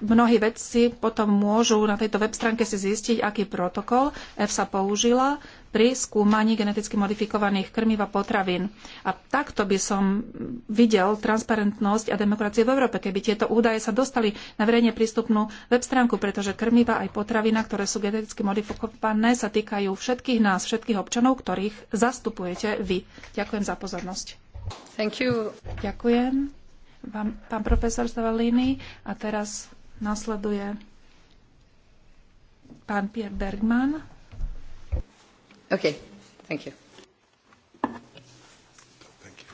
mnohí vedci potom môžu na tejto web stránke si zistiť, aký protokol EFSA použila pri skúmaní geneticky modifikovaných krmiv a potravín. A takto by som videl transparentnosť a demokraciu v Európe, keby tieto údaje sa dostali na verejne prístupnú web stránku, pretože krmiva aj potravina, ktoré sú geneticky modifikované, sa týkajú všetkých nás, všetkých občanov, ktorých zastupujete vy. Ďakujem za pozornosť. Thank you. Ďakujem vám, pán profesor Stavalini a teraz nasleduje pán Pierre Bergman. Okay, thank you. Thank you.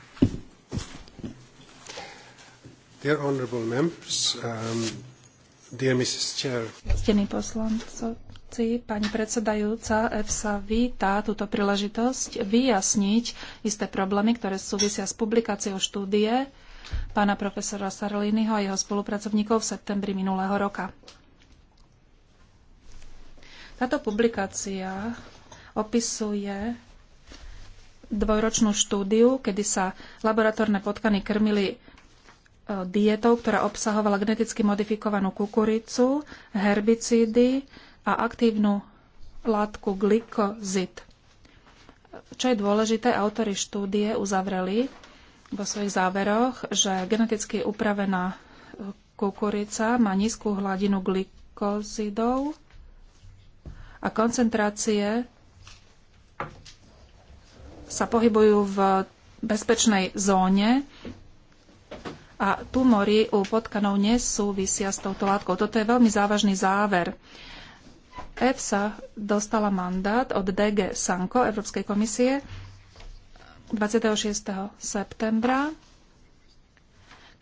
Dear honorable members, um, dear Mrs. Chair. Ctení poslanci, pani predsedajúca, EFSA víta túto príležitosť vyjasniť isté problémy, ktoré súvisia s publikáciou štúdie pána profesora Sarlínyho a jeho spolupracovníkov v septembri minulého roka. Táto publikácia opisuje dvojročnú štúdiu, kedy sa laboratórne potkany krmili e, dietou, ktorá obsahovala geneticky modifikovanú kukuricu, herbicídy a aktívnu látku glykozid. Čo je dôležité, autory štúdie uzavreli vo svojich záveroch, že geneticky upravená e, kukurica má nízku hladinu glykozidov a koncentrácie sa pohybujú v bezpečnej zóne a tumory u potkanov nesúvisia s touto látkou. Toto je veľmi závažný záver. EFSA dostala mandát od DG Sanko Európskej komisie 26. septembra,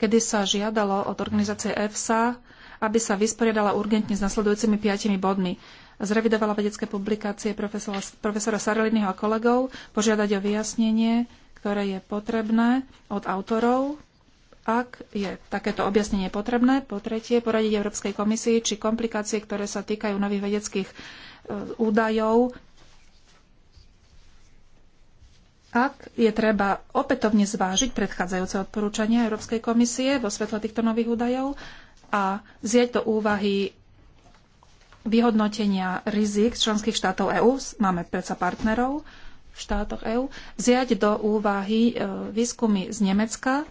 kedy sa žiadalo od organizácie EFSA, aby sa vysporiadala urgentne s nasledujúcimi piatimi bodmi zrevidovala vedecké publikácie profesora, profesora Sareliniho a kolegov, požiadať o vyjasnenie, ktoré je potrebné od autorov, ak je takéto objasnenie potrebné. Po tretie, poradiť Európskej komisii, či komplikácie, ktoré sa týkajú nových vedeckých e, údajov, ak je treba opätovne zvážiť predchádzajúce odporúčania Európskej komisie vo svetle týchto nových údajov a zjať do úvahy vyhodnotenia rizik členských štátov EÚ, máme predsa partnerov v štátoch EÚ, vziať do úvahy e, výskumy z Nemecka,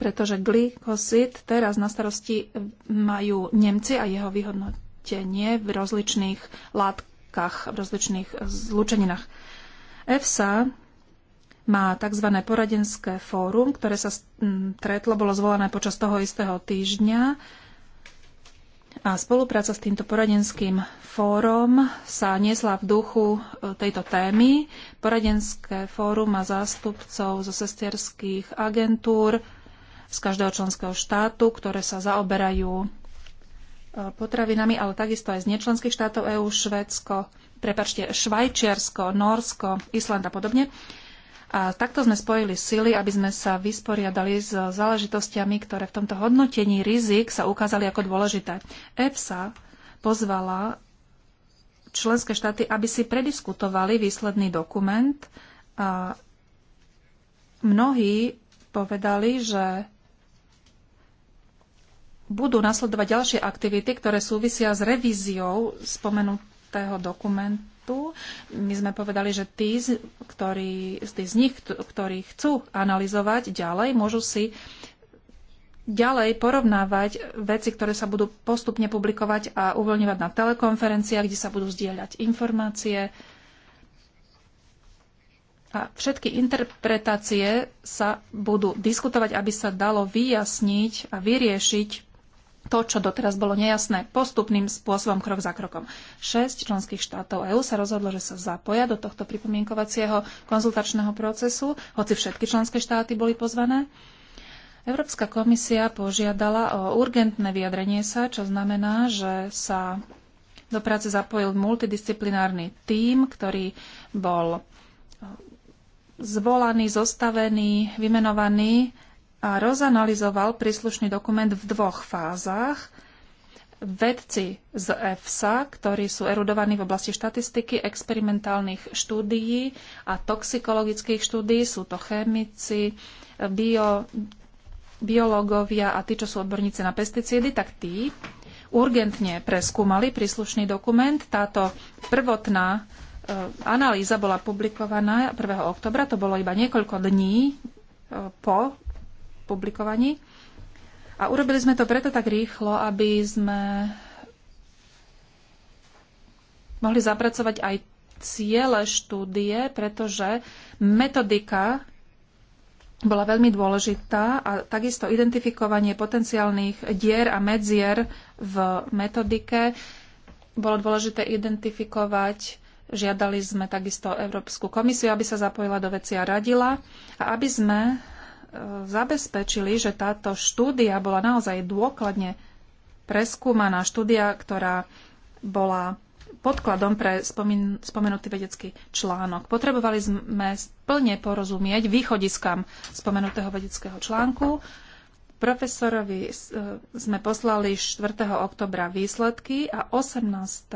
pretože glykosid teraz na starosti majú Nemci a jeho vyhodnotenie v rozličných látkach, v rozličných zlučeninách. EFSA má tzv. poradenské fórum, ktoré sa stretlo, bolo zvolené počas toho istého týždňa a spolupráca s týmto poradenským fórom sa niesla v duchu e, tejto témy. Poradenské fórum má zástupcov zo sestierských agentúr z každého členského štátu, ktoré sa zaoberajú e, potravinami, ale takisto aj z nečlenských štátov EÚ, Švedsko, prepačte, Švajčiarsko, Norsko, Island a podobne. A takto sme spojili sily, aby sme sa vysporiadali s záležitostiami, ktoré v tomto hodnotení rizik sa ukázali ako dôležité. EFSA pozvala členské štáty, aby si prediskutovali výsledný dokument a mnohí povedali, že budú nasledovať ďalšie aktivity, ktoré súvisia s revíziou spomenutého dokumentu štátu. My sme povedali, že tí, ktorí, tí z nich, ktorí chcú analyzovať ďalej, môžu si ďalej porovnávať veci, ktoré sa budú postupne publikovať a uvoľňovať na telekonferenciách, kde sa budú zdieľať informácie. A všetky interpretácie sa budú diskutovať, aby sa dalo vyjasniť a vyriešiť to, čo doteraz bolo nejasné, postupným spôsobom, krok za krokom. Šesť členských štátov EÚ sa rozhodlo, že sa zapoja do tohto pripomienkovacieho konzultačného procesu, hoci všetky členské štáty boli pozvané. Európska komisia požiadala o urgentné vyjadrenie sa, čo znamená, že sa do práce zapojil multidisciplinárny tím, ktorý bol zvolaný, zostavený, vymenovaný a rozanalizoval príslušný dokument v dvoch fázach. Vedci z EFSA, ktorí sú erudovaní v oblasti štatistiky, experimentálnych štúdií a toxikologických štúdií, sú to chemici, bio, biológovia a tí, čo sú odborníci na pesticídy, tak tí urgentne preskúmali príslušný dokument. Táto prvotná e, analýza bola publikovaná 1. oktobra, to bolo iba niekoľko dní e, po publikovaní. A urobili sme to preto tak rýchlo, aby sme mohli zapracovať aj ciele štúdie, pretože metodika bola veľmi dôležitá a takisto identifikovanie potenciálnych dier a medzier v metodike bolo dôležité identifikovať. Žiadali sme takisto Európsku komisiu, aby sa zapojila do veci a radila a aby sme zabezpečili, že táto štúdia bola naozaj dôkladne preskúmaná štúdia, ktorá bola podkladom pre spomin- spomenutý vedecký článok. Potrebovali sme plne porozumieť východiskám spomenutého vedeckého článku. Profesorovi eh, sme poslali 4. oktobra výsledky a 18.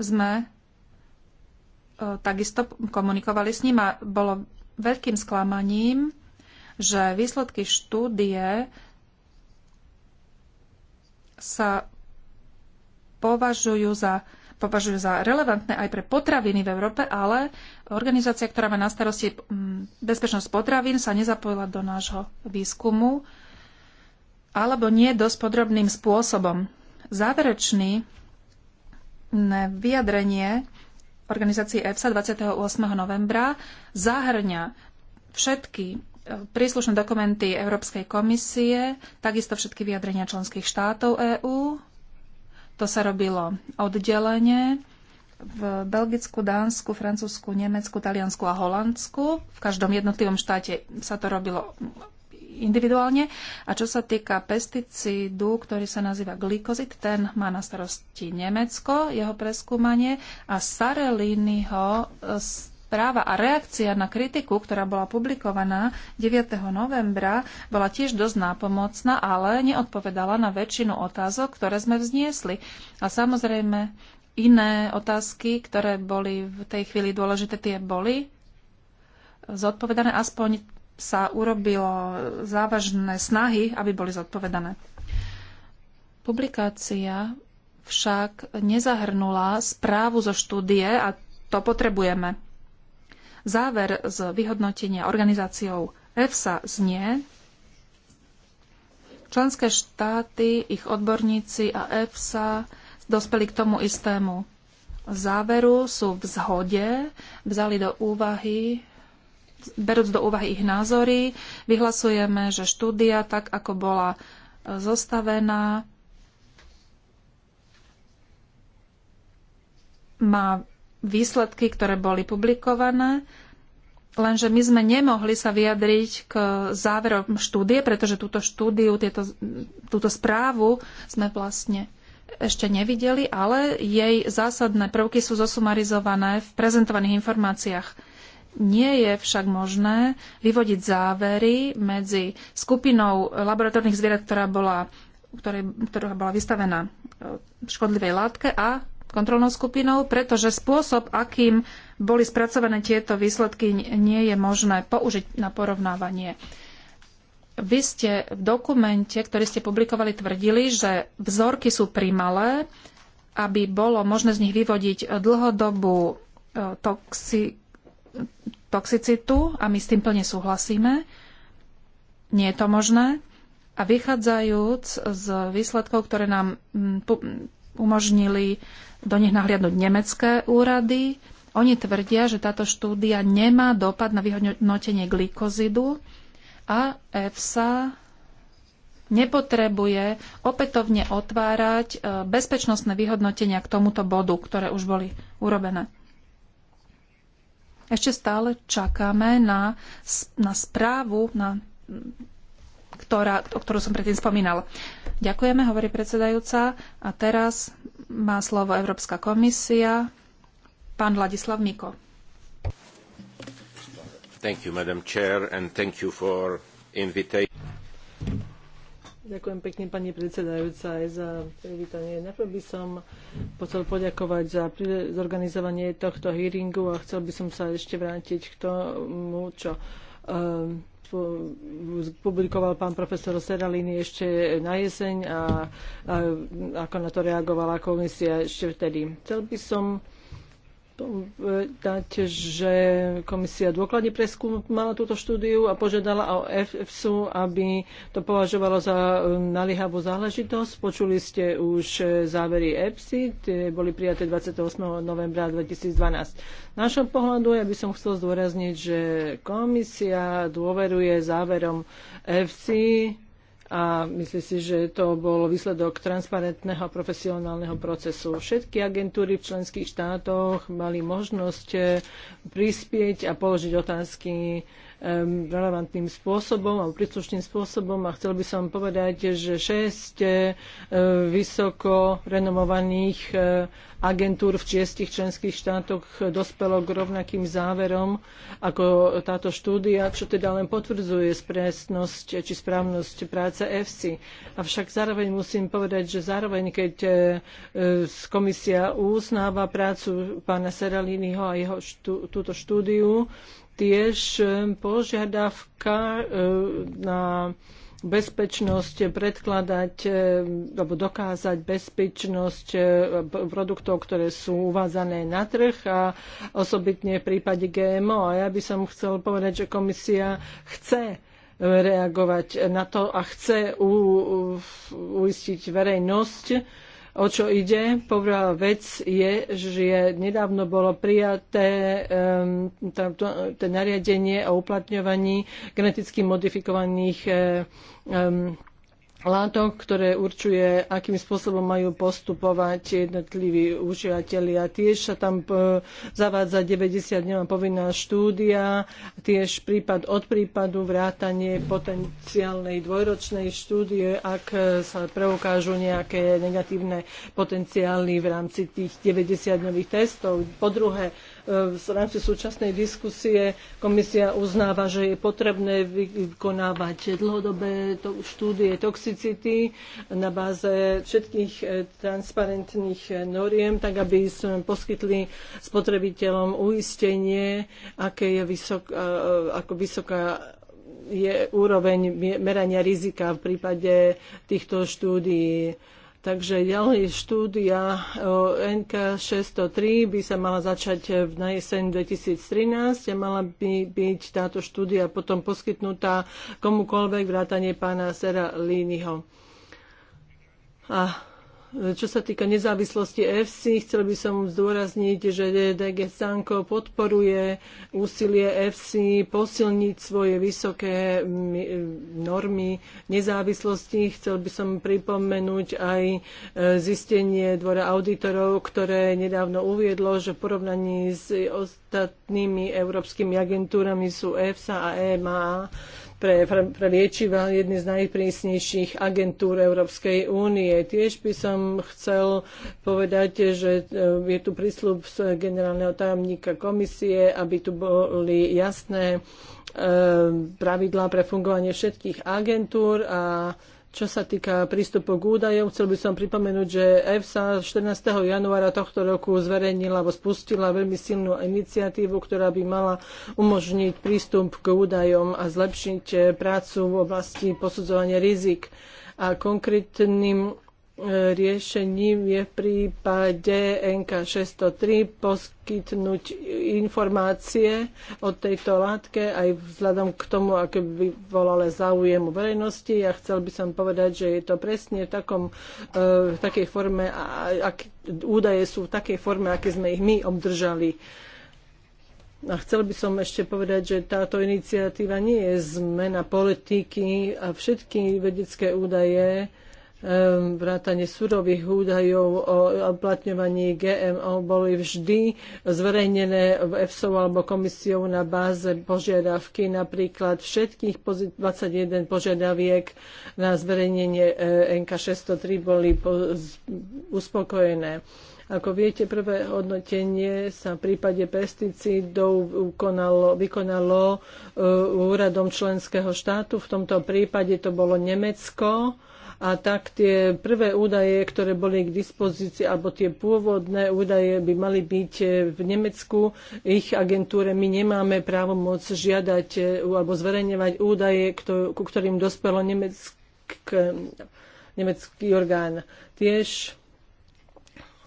sme eh, takisto komunikovali s ním a bolo veľkým sklamaním, že výsledky štúdie sa považujú za, považujú za relevantné aj pre potraviny v Európe, ale organizácia, ktorá má na starosti mm, bezpečnosť potravín, sa nezapojila do nášho výskumu alebo nie dosť podrobným spôsobom. Záverečný vyjadrenie organizácií EFSA 28. novembra zahrňa všetky e, príslušné dokumenty Európskej komisie, takisto všetky vyjadrenia členských štátov EÚ. To sa robilo oddelenie v Belgicku, Dánsku, Francúzsku, Nemecku, Taliansku a Holandsku. V každom jednotlivom štáte sa to robilo individuálne. A čo sa týka pesticídu, ktorý sa nazýva glikozid, ten má na starosti Nemecko, jeho preskúmanie a Sareliniho e, práva a reakcia na kritiku, ktorá bola publikovaná 9. novembra, bola tiež dosť nápomocná, ale neodpovedala na väčšinu otázok, ktoré sme vzniesli. A samozrejme, iné otázky, ktoré boli v tej chvíli dôležité, tie boli zodpovedané aspoň sa urobilo závažné snahy, aby boli zodpovedané. Publikácia však nezahrnula správu zo štúdie a to potrebujeme. Záver z vyhodnotenia organizáciou EFSA znie, členské štáty, ich odborníci a EFSA dospeli k tomu istému záveru, sú v zhode, vzali do úvahy berúc do úvahy ich názory, vyhlasujeme, že štúdia, tak ako bola e, zostavená, má výsledky, ktoré boli publikované, lenže my sme nemohli sa vyjadriť k záverom štúdie, pretože túto štúdiu, tieto, túto správu sme vlastne ešte nevideli, ale jej zásadné prvky sú zosumarizované v prezentovaných informáciách. Nie je však možné vyvodiť závery medzi skupinou laboratórnych zvierat, ktorá bola, ktoré, ktorá bola vystavená e, škodlivej látke a kontrolnou skupinou, pretože spôsob, akým boli spracované tieto výsledky, nie je možné použiť na porovnávanie. Vy ste v dokumente, ktorý ste publikovali, tvrdili, že vzorky sú primalé, aby bolo možné z nich vyvodiť dlhodobú e, toxi- toxicitu a my s tým plne súhlasíme. Nie je to možné. A vychádzajúc z výsledkov, ktoré nám mm, umožnili do nich nahliadnúť nemecké úrady, oni tvrdia, že táto štúdia nemá dopad na vyhodnotenie glikozidu a EFSA nepotrebuje opätovne otvárať e, bezpečnostné vyhodnotenia k tomuto bodu, ktoré už boli urobené. Ešte stále čakáme na, na správu, na, ktorá, o ktorú som predtým spomínal. Ďakujeme, hovorí predsedajúca. A teraz má slovo Európska komisia. Pán Vladislav Miko. Thank you, Madam Chair, and thank you for invitation. Ďakujem pekne, pani predsedajúca, aj za privítanie. Najprv by som chcel poďakovať za zorganizovanie tohto hearingu a chcel by som sa ešte vrátiť k tomu, čo um, publikoval pán profesor Seralini ešte na jeseň a, a ako na to reagovala komisia ešte vtedy. Chcel by som dať, že komisia dôkladne preskúmala túto štúdiu a požiadala o EFSU, aby to považovalo za um, naliehavú záležitosť. Počuli ste už závery EFSI, tie boli prijaté 28. novembra 2012. V našom pohľadu ja by som chcel zdôrazniť, že komisia dôveruje záverom EFSI a myslím si, že to bol výsledok transparentného profesionálneho procesu. Všetky agentúry v členských štátoch mali možnosť eh, prispieť a položiť otázky relevantným spôsobom alebo príslušným spôsobom a chcel by som povedať, že šesť e, vysoko renomovaných e, agentúr v čiestich členských štátoch dospelo k rovnakým záverom ako táto štúdia, čo teda len potvrdzuje spresnosť či správnosť práce EFSI. Avšak zároveň musím povedať, že zároveň, keď e, komisia uznáva prácu pána Seraliniho a jeho štú, túto štúdiu, tiež e, požiadavka e, na bezpečnosť predkladať e, alebo dokázať bezpečnosť produktov, ktoré sú uvádzané na trh a osobitne v prípade GMO. A ja by som chcel povedať, že komisia chce reagovať na to a chce uistiť verejnosť, O čo ide? Prvá vec je, že nedávno bolo prijaté um, to, to nariadenie o uplatňovaní geneticky modifikovaných um, látok, ktoré určuje, akým spôsobom majú postupovať jednotliví užívateľia. Tiež sa tam e, zavádza 90 dňová povinná štúdia, tiež prípad od prípadu vrátanie potenciálnej dvojročnej štúdie, ak e, sa preukážu nejaké negatívne potenciály v rámci tých 90-dňových testov. Po druhé, E, v rámci súčasnej diskusie komisia uznáva, že je potrebné vykonávať dlhodobé štúdie toxicity na báze všetkých e, transparentných noriem, tak aby sme poskytli spotrebiteľom uistenie, aké je vysok, e, ako vysoká je úroveň merania rizika v prípade týchto štúdií. Takže ďalej štúdia e, NK 603 by sa mala začať na jeseň 2013 a mala by byť táto štúdia potom poskytnutá komukoľvek vrátanie pána Sera Líniho. A čo sa týka nezávislosti EFSI, chcel by som zdôrazniť, že DG Sanko podporuje úsilie EFSI posilniť svoje vysoké mm, normy nezávislosti. Chcel by som pripomenúť aj e, zistenie Dvora auditorov, ktoré nedávno uviedlo, že v porovnaní s ostatnými európskymi agentúrami sú EFSA a EMA pre, pre, pre liečiva jedny z najprísnejších agentúr Európskej únie. Tiež by som chcel povedať, že e, je tu prísľub z generálneho tajomníka komisie, aby tu boli jasné e, pravidlá pre fungovanie všetkých agentúr a čo sa týka prístupu k údajom, chcel by som pripomenúť, že EFSA 14. januára tohto roku zverejnila alebo spustila veľmi silnú iniciatívu, ktorá by mala umožniť prístup k údajom a zlepšiť eh, prácu v oblasti posudzovania rizik. A konkrétnym riešením je v prípade NK603 poskytnúť informácie o tejto látke aj vzhľadom k tomu, aké by volale záujem verejnosti. Ja chcel by som povedať, že je to presne v, takom, e, v takej forme, a, ak, údaje sú v takej forme, aké sme ich my obdržali. A chcel by som ešte povedať, že táto iniciatíva nie je zmena politiky a všetky vedecké údaje, vrátanie surových údajov o uplatňovaní GMO boli vždy zverejnené v EFSO alebo komisiou na báze požiadavky, napríklad všetkých 21 požiadaviek na zverejnenie e, NK603 boli uspokojené. Ako viete, prvé hodnotenie sa v prípade pesticídov ukonalo, vykonalo e, úradom členského štátu. V tomto prípade to bolo Nemecko a tak tie prvé údaje, ktoré boli k dispozícii, alebo tie pôvodné údaje by mali byť eh, v Nemecku. Ich agentúre my nemáme právo moc žiadať eh, alebo zverejňovať údaje, ku ktorým dospelo nemeck, nemecký orgán. Tiež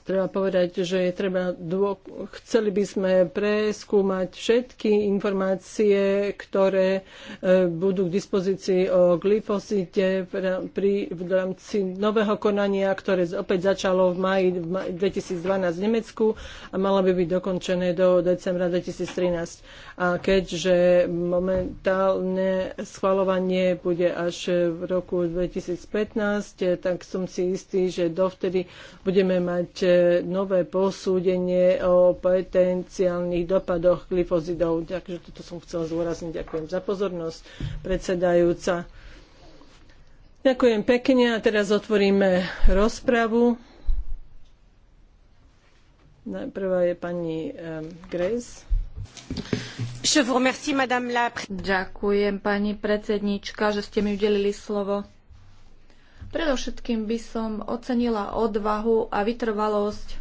treba povedať, že je treba dô... chceli by sme preskúmať všetky informácie, ktoré e, budú k dispozícii o glyfosite pri, v rámci nového konania, ktoré opäť začalo v maji 2012 v Nemecku a malo by byť dokončené do decembra 2013. A keďže momentálne schvalovanie bude až v roku 2015, tak som si istý, že dovtedy budeme mať e, nové posúdenie o potenciálnych dopadoch glyfozidov. Takže toto som chcela zúrazniť. Ďakujem za pozornosť, predsedajúca. Ďakujem pekne a teraz otvoríme rozpravu. Najprvá je pani Grace. Ďakujem pani predsednička, že ste mi udelili slovo. Predovšetkým by som ocenila odvahu a vytrvalosť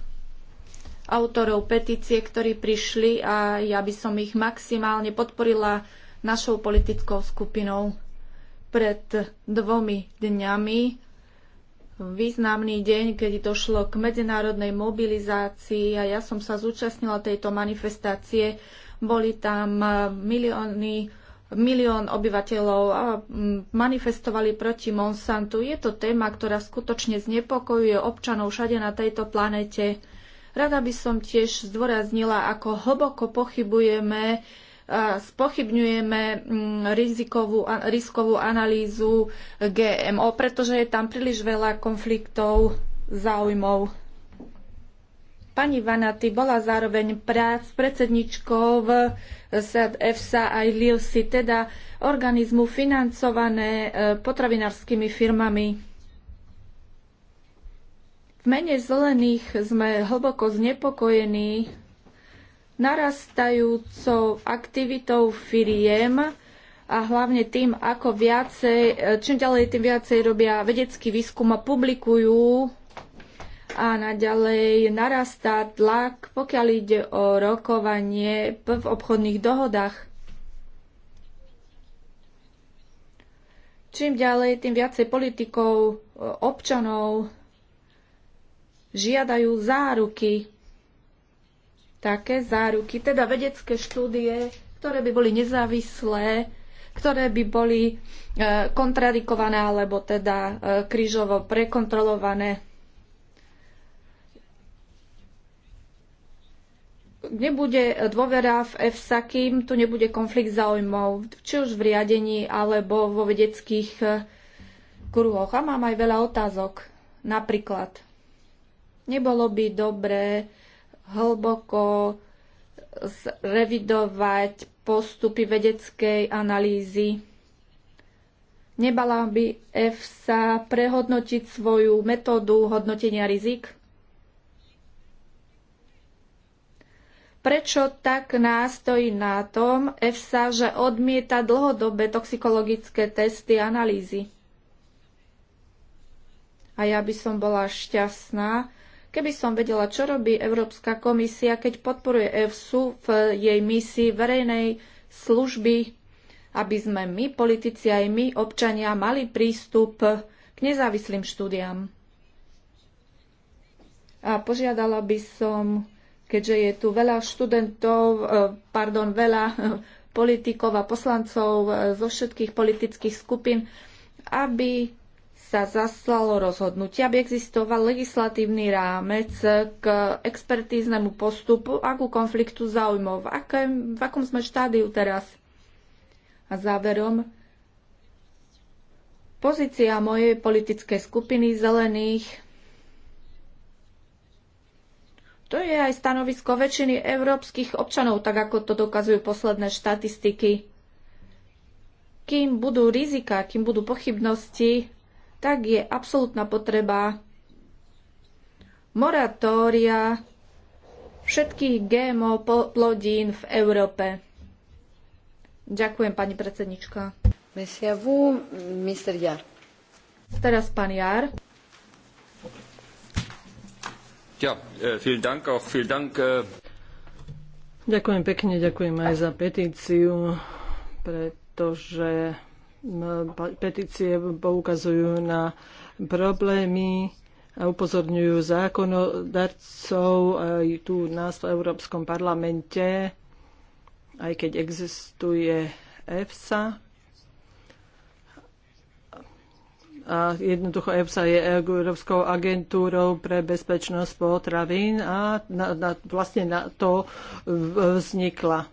autorov petície, ktorí prišli a ja by som ich maximálne podporila našou politickou skupinou. Pred dvomi dňami, významný deň, keď došlo k medzinárodnej mobilizácii a ja som sa zúčastnila tejto manifestácie, boli tam milióny milión obyvateľov manifestovali proti Monsantu. Je to téma, ktorá skutočne znepokojuje občanov všade na tejto planete. Rada by som tiež zdôraznila, ako hlboko pochybujeme, spochybňujeme rizikovú, riskovú analýzu GMO, pretože je tam príliš veľa konfliktov záujmov. Pani Vanaty bola zároveň prác predsedničkou v EFSA aj Lilsi, teda organizmu financované e, potravinárskymi firmami. V mene zelených sme hlboko znepokojení narastajúcou aktivitou firiem a hlavne tým, ako viacej, e, čím ďalej tým viacej robia vedecký výskum a publikujú a naďalej narastá tlak, pokiaľ ide o rokovanie v obchodných dohodách. Čím ďalej, tým viacej politikov, e, občanov žiadajú záruky. Také záruky, teda vedecké štúdie, ktoré by boli nezávislé, ktoré by boli e, kontradikované alebo teda e, krížovo prekontrolované nebude dôvera v EFSA, kým tu nebude konflikt záujmov, či už v riadení alebo vo vedeckých eh, kruhoch. A mám aj veľa otázok. Napríklad, nebolo by dobré hlboko zrevidovať postupy vedeckej analýzy. Nebala by EFSA prehodnotiť svoju metódu hodnotenia rizik? prečo tak nástojí na tom EFSA, že odmieta dlhodobé toxikologické testy a analýzy. A ja by som bola šťastná, keby som vedela, čo robí Európska komisia, keď podporuje EFSU v jej misii verejnej služby, aby sme my, politici aj my, občania, mali prístup k nezávislým štúdiám. A požiadala by som keďže je tu veľa študentov, e, pardon, veľa *laughs* politikov a poslancov e, zo všetkých politických skupín, aby sa zaslalo rozhodnutie, aby existoval legislatívny rámec k expertíznemu postupu a ku konfliktu záujmov. V v akom sme štádiu teraz? A záverom, pozícia mojej politickej skupiny zelených to je aj stanovisko väčšiny európskych občanov, tak ako to dokazujú posledné štatistiky. Kým budú rizika, kým budú pochybnosti, tak je absolútna potreba moratória všetkých GMO plodín v Európe. Ďakujem, pani predsednička. Vous, Teraz pán Jar. Ja, e, vielen Dank, auch vielen Dank. Äh. Ďakujem pekne, ďakujem aj za petíciu, pretože petície poukazujú na problémy a upozorňujú zákonodarcov aj tu nás v Európskom parlamente, aj keď existuje EFSA, a jednoducho EPSA je Európskou agentúrou pre bezpečnosť potravín a na, na, vlastne na to vznikla.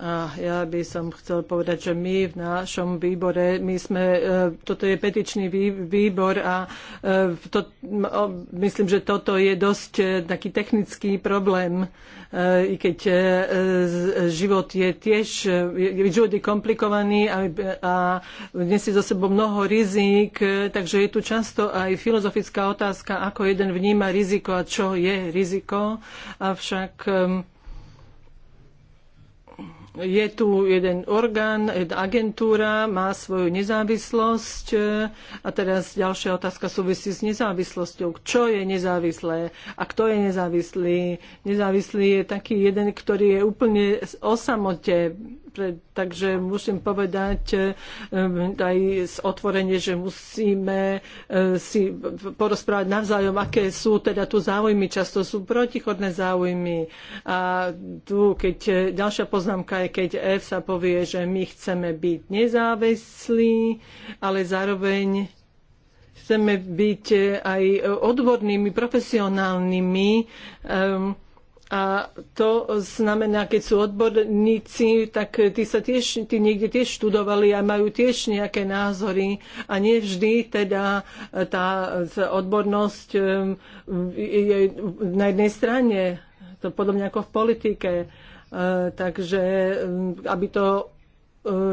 A ja by som chcel povedať, že my v našom výbore, my sme, e, toto je petičný výbor a e, to, myslím, že toto je dosť e, taký technický problém, i keď život je tiež, život je komplikovaný a, a nesie za sebou mnoho rizík, takže je tu často aj filozofická otázka, ako jeden vníma riziko a čo je riziko. Avšak je tu jeden orgán, jedna agentúra, má svoju nezávislosť. A teraz ďalšia otázka súvisí s nezávislosťou. Čo je nezávislé a kto je nezávislý? Nezávislý je taký jeden, ktorý je úplne o samote pre, takže musím povedať e, aj z otvorenie, že musíme e, si porozprávať navzájom, aké sú teda tu záujmy. Často sú protichodné záujmy. A tu, keď e, ďalšia poznámka je, keď F sa povie, že my chceme byť nezávislí, ale zároveň chceme byť aj odbornými, profesionálnymi um, a to znamená, keď sú odborníci, tak tí sa tiež, tí niekde tiež študovali a majú tiež nejaké názory a nevždy teda e, tá odbornosť e, je na jednej strane, to podobne ako v politike. E, takže aby to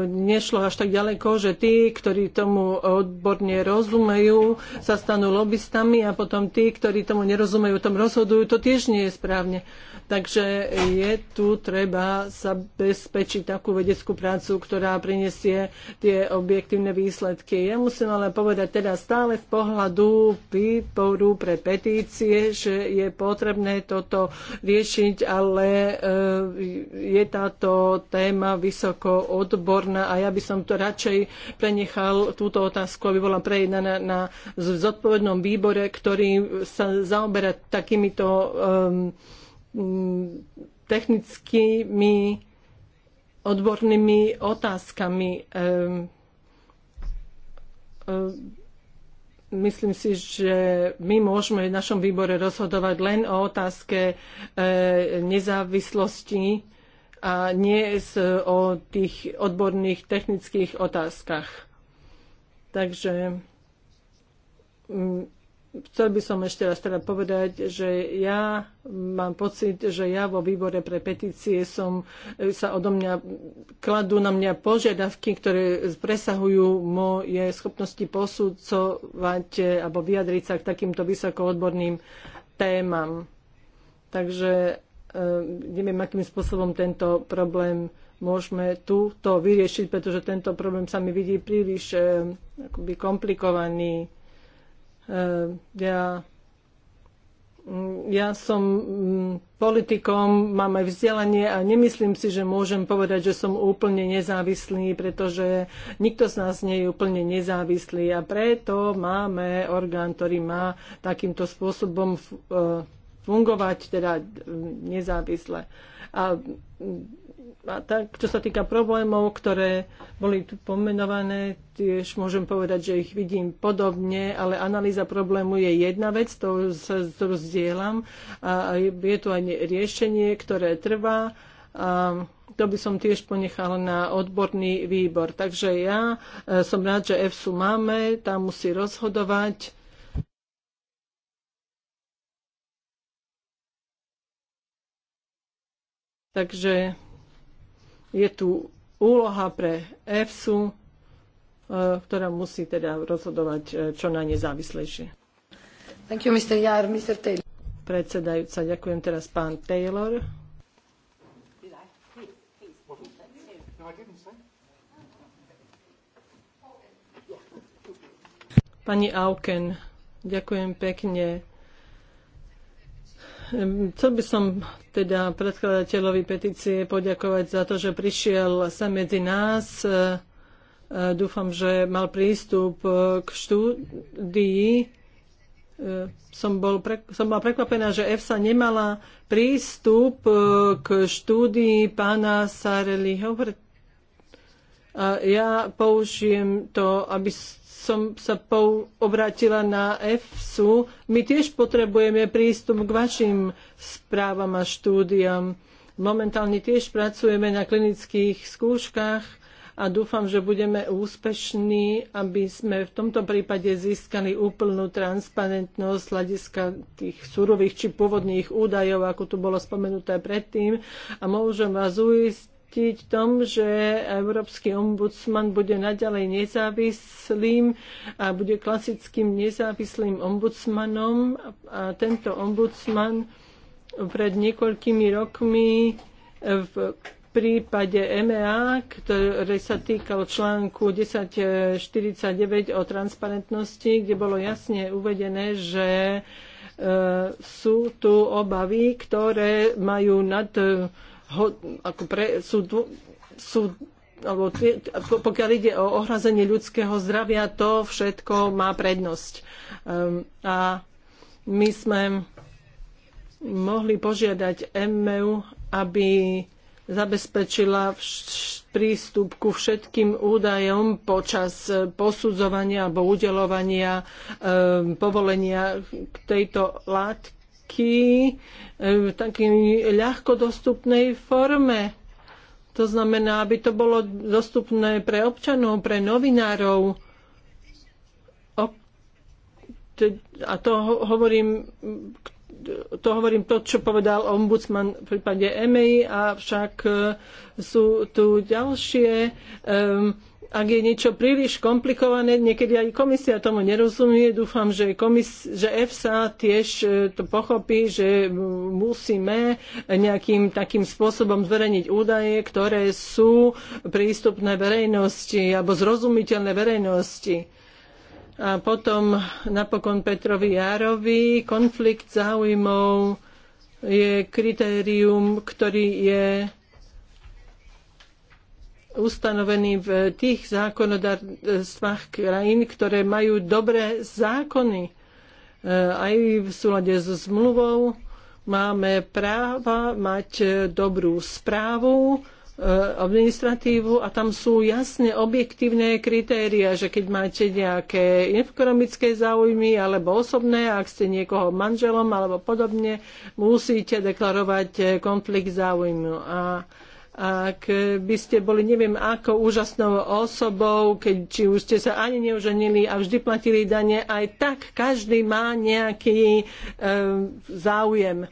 nešlo až tak ďaleko, že tí, ktorí tomu odborne rozumejú, sa stanú lobbystami a potom tí, ktorí tomu nerozumejú, tom rozhodujú, to tiež nie je správne. Takže je tu treba sa bezpečiť takú vedeckú prácu, ktorá prinesie tie objektívne výsledky. Ja musím ale povedať teda stále v pohľadu výboru pre petície, že je potrebné toto riešiť, ale e, je táto téma vysoko odborná odborná a ja by som to radšej prenechal túto otázku, aby bola prejednaná na zodpovednom výbore, ktorý sa zaoberá takýmito um, mm, technickými odbornými otázkami. Um, um, myslím si, že my môžeme v našom výbore rozhodovať len o otázke uh, nezávislosti a nie o tých odborných technických otázkach. Takže mm, chcel by som ešte raz teda povedať, že ja mám pocit, že ja vo výbore pre petície som, sa odo mňa kladú na mňa požiadavky, ktoré presahujú moje schopnosti posudzovať e, alebo vyjadriť sa k takýmto vysokoodborným témam. Takže E, neviem, akým spôsobom tento problém môžeme tu to vyriešiť, pretože tento problém sa mi vidí príliš e, akoby komplikovaný. E, ja mm, ja som mm, politikom, mám aj vzdelanie a nemyslím si, že môžem povedať, že som úplne nezávislý, pretože nikto z nás nie je úplne nezávislý a preto máme orgán, ktorý má takýmto spôsobom fungovať teda nezávisle. A, a tak, čo sa týka problémov, ktoré boli tu pomenované, tiež môžem povedať, že ich vidím podobne, ale analýza problému je jedna vec, to sa rozdielam. A je tu aj riešenie, ktoré trvá. A to by som tiež ponechala na odborný výbor. Takže ja e, som rád, že EFSU máme, tam musí rozhodovať Takže je tu úloha pre EFSU, e, ktorá musí teda rozhodovať e, čo najnezávislejšie. Thank you, Mr. Jar, Mr. Taylor. Predsedajúca, ďakujem teraz pán Taylor. Pani Auken, ďakujem pekne. Chcel by som teda predkladateľovi petície poďakovať za to, že prišiel sa medzi nás. E, e, dúfam, že mal prístup e, k štúdii som, bol pre, som bola prekvapená, že EFSA nemala prístup k štúdii pána Sareliho. A ja použijem to, aby som sa pou, obrátila na EFSU, my tiež potrebujeme prístup k vašim správam a štúdiam. Momentálne tiež pracujeme na klinických skúškach a dúfam, že budeme úspešní, aby sme v tomto prípade získali úplnú transparentnosť hľadiska tých surových či pôvodných údajov, ako tu bolo spomenuté predtým. A môžem vás uísť uistiť tom, že Európsky ombudsman bude naďalej nezávislým a bude klasickým nezávislým ombudsmanom. A tento ombudsman pred niekoľkými rokmi v prípade MEA, ktoré sa týkal článku 1049 o transparentnosti, kde bolo jasne uvedené, že e, sú tu obavy, ktoré majú nad ho, ako pre, sú, sú alebo tie, pokiaľ ide o ohrazenie ľudského zdravia, to všetko má prednosť. Um, a my sme mohli požiadať MEU, aby zabezpečila prístup ku všetkým údajom počas e, posudzovania alebo udelovania um, povolenia k tejto látke výrobky v e, takej ľahko dostupnej forme. To znamená, aby to bolo dostupné pre občanov, pre novinárov. A to hovorím, to hovorím to, čo povedal ombudsman v prípade EMEI, avšak e, sú tu ďalšie um, ak je niečo príliš komplikované, niekedy aj komisia tomu nerozumie. Dúfam, že, komis, že EFSA tiež e, to pochopí, že musíme nejakým takým spôsobom zverejniť údaje, ktoré sú prístupné verejnosti alebo zrozumiteľné verejnosti. A potom napokon Petrovi Járovi konflikt záujmov je kritérium, ktorý je ustanovený v tých zákonodárstvách krajín, ktoré majú dobré zákony. E, aj v súlade s zmluvou máme práva mať dobrú správu, e, administratívu a tam sú jasne objektívne kritéria, že keď máte nejaké ekonomické záujmy alebo osobné, ak ste niekoho manželom alebo podobne, musíte deklarovať konflikt záujmu. A ak by ste boli neviem ako úžasnou osobou, keď či už ste sa ani neuženili a vždy platili dane, aj tak každý má nejaký e, záujem.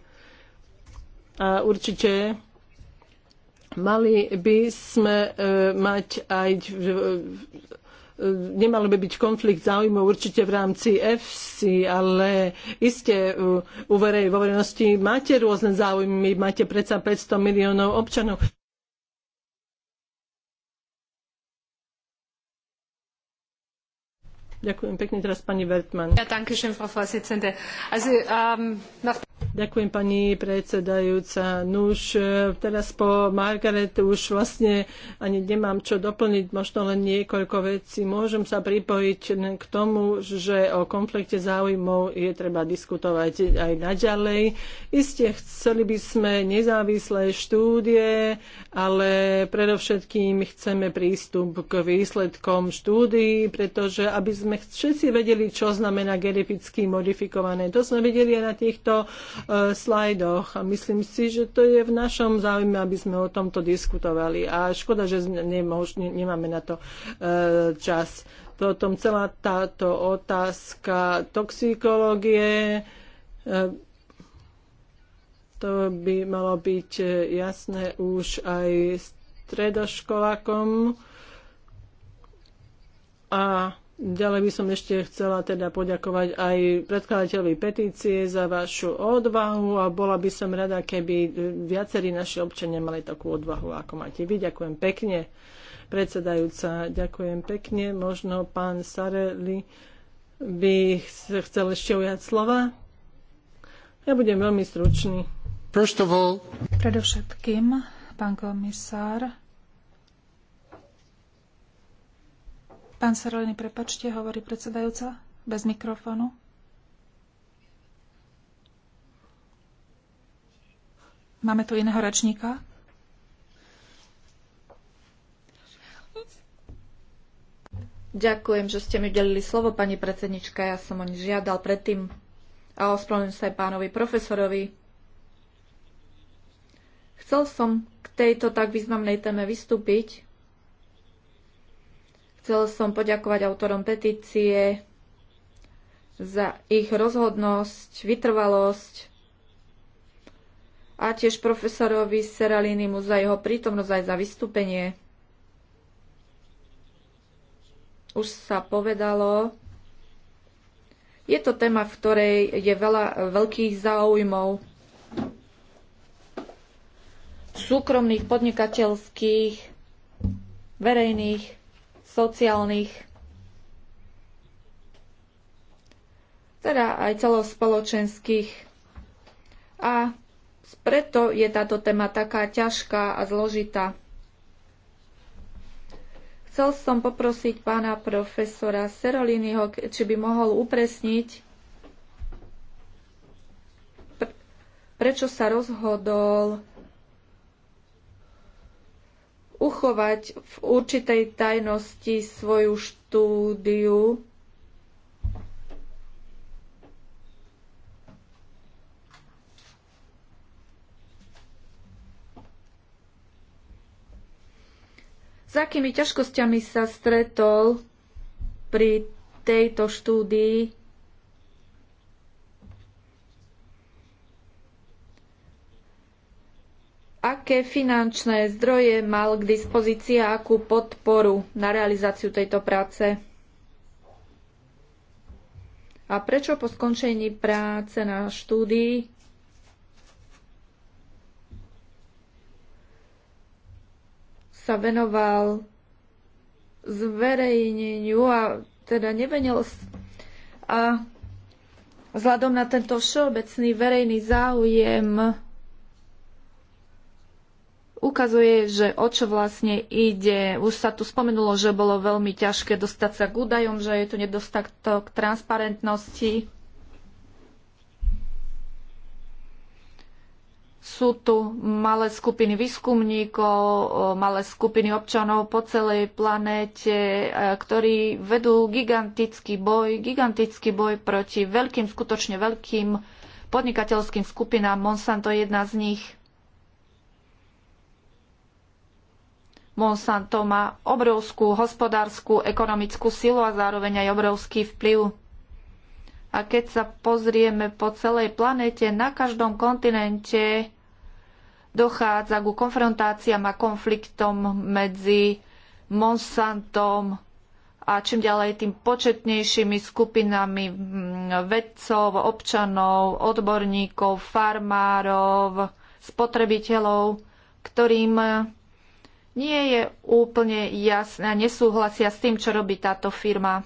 A určite mali by sme e, mať aj e, nemal by byť konflikt záujmov určite v rámci FC, ale iste u, e, u vo verejnosti máte rôzne záujmy, máte predsa 500 miliónov občanov. Ďakujem pekne teraz pani Wertmann. Ja, danke schön, Frau Vorsitzende. Also, um, nach... Ďakujem pani predsedajúca. Nuž, e, teraz po Margaret už vlastne ani nemám čo doplniť, možno len niekoľko vecí. Môžem sa pripojiť k tomu, že o konflikte záujmov je treba diskutovať aj naďalej. Isté chceli by sme nezávislé štúdie, ale predovšetkým chceme prístup k výsledkom štúdií, pretože aby sme všetci vedeli, čo znamená geneticky modifikované. To sme videli aj na týchto E, slajdoch. A myslím si, že to je v našom záujme, aby sme o tomto diskutovali. A škoda, že nemáme na to e, čas. Potom celá táto otázka toxikológie, e, to by malo byť jasné už aj stredoškolákom. A Ďalej by som ešte chcela teda poďakovať aj predkladateľovi petície za vašu odvahu a bola by som rada, keby viacerí naši občania mali takú odvahu, ako máte vy. Ďakujem pekne, predsedajúca. Ďakujem pekne. Možno pán Sareli by chcel ešte ujať slova. Ja budem veľmi stručný. Predovšetkým, pán komisár, Pán Sarolini, prepačte, hovorí predsedajúca bez mikrofónu. Máme tu iného rečníka. Ďakujem, že ste mi udelili slovo, pani predsednička. Ja som o ne žiadal predtým a ospravedlňujem sa aj pánovi profesorovi. Chcel som k tejto tak významnej téme vystúpiť, Chcel som poďakovať autorom petície za ich rozhodnosť, vytrvalosť a tiež profesorovi Seralinimu za jeho prítomnosť aj za vystúpenie. Už sa povedalo, je to téma, v ktorej je veľa veľkých záujmov súkromných, podnikateľských, verejných sociálnych, teda aj celospoločenských. A preto je táto téma taká ťažká a zložitá. Chcel som poprosiť pána profesora Seroliniho, či by mohol upresniť, prečo sa rozhodol uchovať v určitej tajnosti svoju štúdiu. S akými ťažkosťami sa stretol pri tejto štúdii aké finančné zdroje mal k dispozícii a akú podporu na realizáciu tejto práce. A prečo po skončení práce na štúdii sa venoval zverejneniu a teda nevenil a vzhľadom na tento všeobecný verejný záujem ukazuje, že o čo vlastne ide. Už sa tu spomenulo, že bolo veľmi ťažké dostať sa k údajom, že je tu nedostatok transparentnosti. Sú tu malé skupiny výskumníkov, malé skupiny občanov po celej planéte, e, ktorí vedú gigantický boj, gigantický boj proti veľkým, skutočne veľkým podnikateľským skupinám. Monsanto je jedna z nich. Monsanto má obrovskú hospodárskú, ekonomickú silu a zároveň aj obrovský vplyv. A keď sa pozrieme po celej planete, na každom kontinente dochádza ku konfrontáciám a konfliktom medzi Monsantom a čím ďalej tým početnejšími skupinami vedcov, občanov, odborníkov, farmárov, spotrebiteľov, ktorým nie je úplne jasné a nesúhlasia s tým, čo robí táto firma.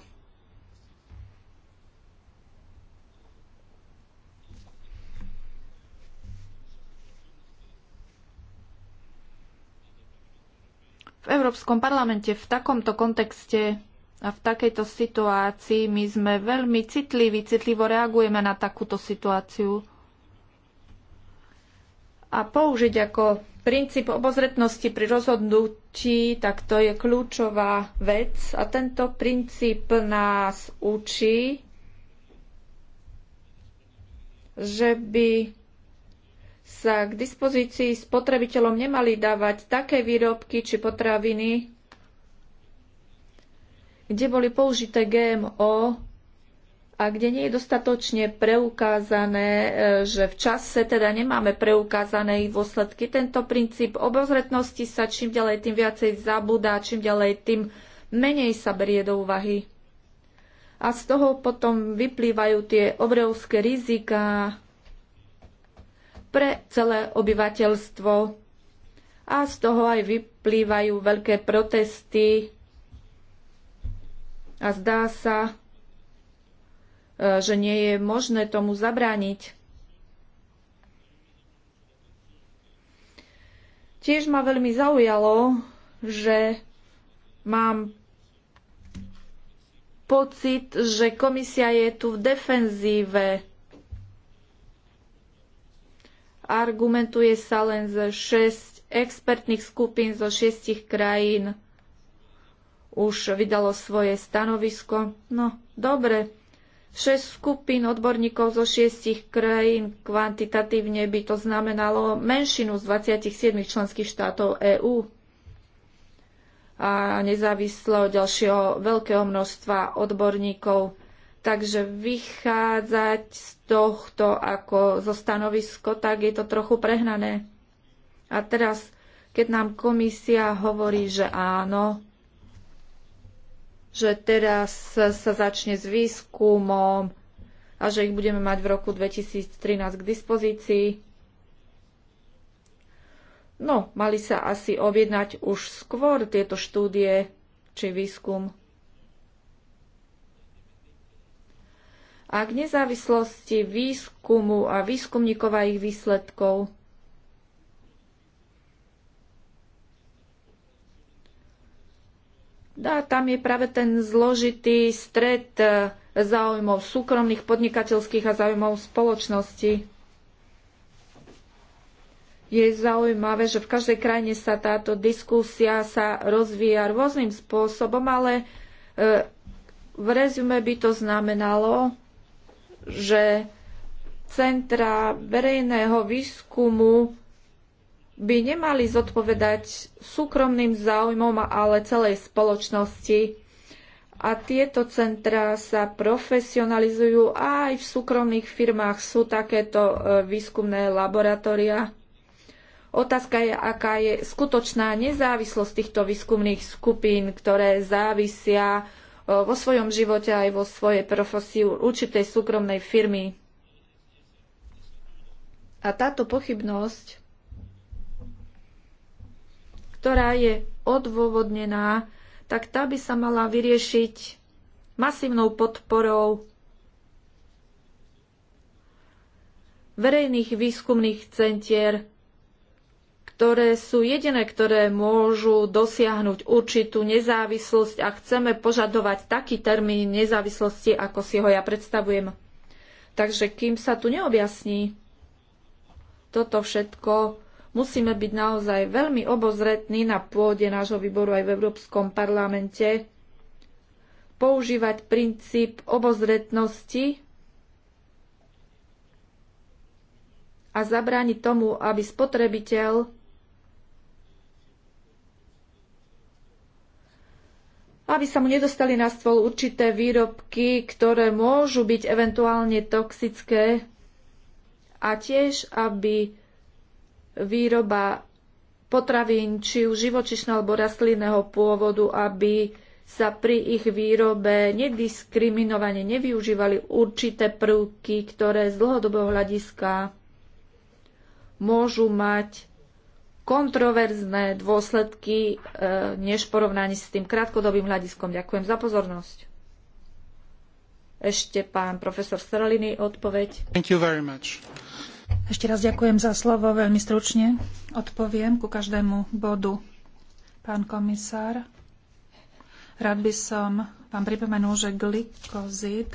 V Európskom parlamente v takomto kontexte a v takejto situácii my sme veľmi citliví, citlivo reagujeme na takúto situáciu a použiť ako princíp obozretnosti pri rozhodnutí, tak to je kľúčová vec a tento princíp nás učí, že by sa k dispozícii spotrebiteľom nemali dávať také výrobky či potraviny, kde boli použité GMO, a kde nie je dostatočne preukázané, e, že v čase teda nemáme preukázané ich dôsledky. Tento princíp obozretnosti sa čím ďalej tým viacej zabúda, čím ďalej tým menej sa berie do úvahy. A z toho potom vyplývajú tie obrovské rizika pre celé obyvateľstvo. A z toho aj vyplývajú veľké protesty. A zdá sa, E, že nie je možné tomu zabrániť. Tiež ma veľmi zaujalo, že mám pocit, že komisia je tu v defenzíve. Argumentuje sa len z 6 expertných skupín zo 6 krajín. Už vydalo svoje stanovisko. No, dobre. 6 skupín odborníkov zo 6 krajín. Kvantitatívne by to znamenalo menšinu z 27 členských štátov EÚ a nezávislo ďalšieho veľkého množstva odborníkov. Takže vychádzať z tohto ako zo stanovisko, tak je to trochu prehnané. A teraz, keď nám komisia hovorí, že áno, že teraz sa začne s výskumom a že ich budeme mať v roku 2013 k dispozícii. No, mali sa asi objednať už skôr tieto štúdie či výskum. A k nezávislosti výskumu a výskumníkov a ich výsledkov. A tam je práve ten zložitý stred eh, záujmov súkromných podnikateľských a záujmov spoločnosti. Je zaujímavé, že v každej krajine sa táto diskusia sa rozvíja rôznym spôsobom, ale eh, v rezume by to znamenalo, že centra verejného výskumu by nemali zodpovedať súkromným záujmom, ale celej spoločnosti. A tieto centrá sa profesionalizujú a aj v súkromných firmách sú takéto e, výskumné laboratória. Otázka je, aká je skutočná nezávislosť týchto výskumných skupín, ktoré závisia e, vo svojom živote aj vo svojej profesii určitej súkromnej firmy. A táto pochybnosť ktorá je odôvodnená, tak tá by sa mala vyriešiť masívnou podporou verejných výskumných centier, ktoré sú jediné, ktoré môžu dosiahnuť určitú nezávislosť a chceme požadovať taký termín nezávislosti, ako si ho ja predstavujem. Takže kým sa tu neobjasní toto všetko, Musíme byť naozaj veľmi obozretní na pôde nášho výboru aj v Európskom parlamente, používať princíp obozretnosti a zabrániť tomu, aby spotrebiteľ aby sa mu nedostali na stôl určité výrobky, ktoré môžu byť eventuálne toxické a tiež, aby výroba potravín, či už živočišného alebo rastlinného pôvodu, aby sa pri ich výrobe nediskriminovane nevyužívali určité prvky, ktoré z dlhodobého hľadiska môžu mať kontroverzné dôsledky e, než porovnaní s tým krátkodobým hľadiskom. Ďakujem za pozornosť. Ešte pán profesor Straliny, odpoveď. Thank you very much. Ešte raz ďakujem za slovo, veľmi stručne odpoviem ku každému bodu. Pán komisár, rád by som vám pripomenul, že glykozid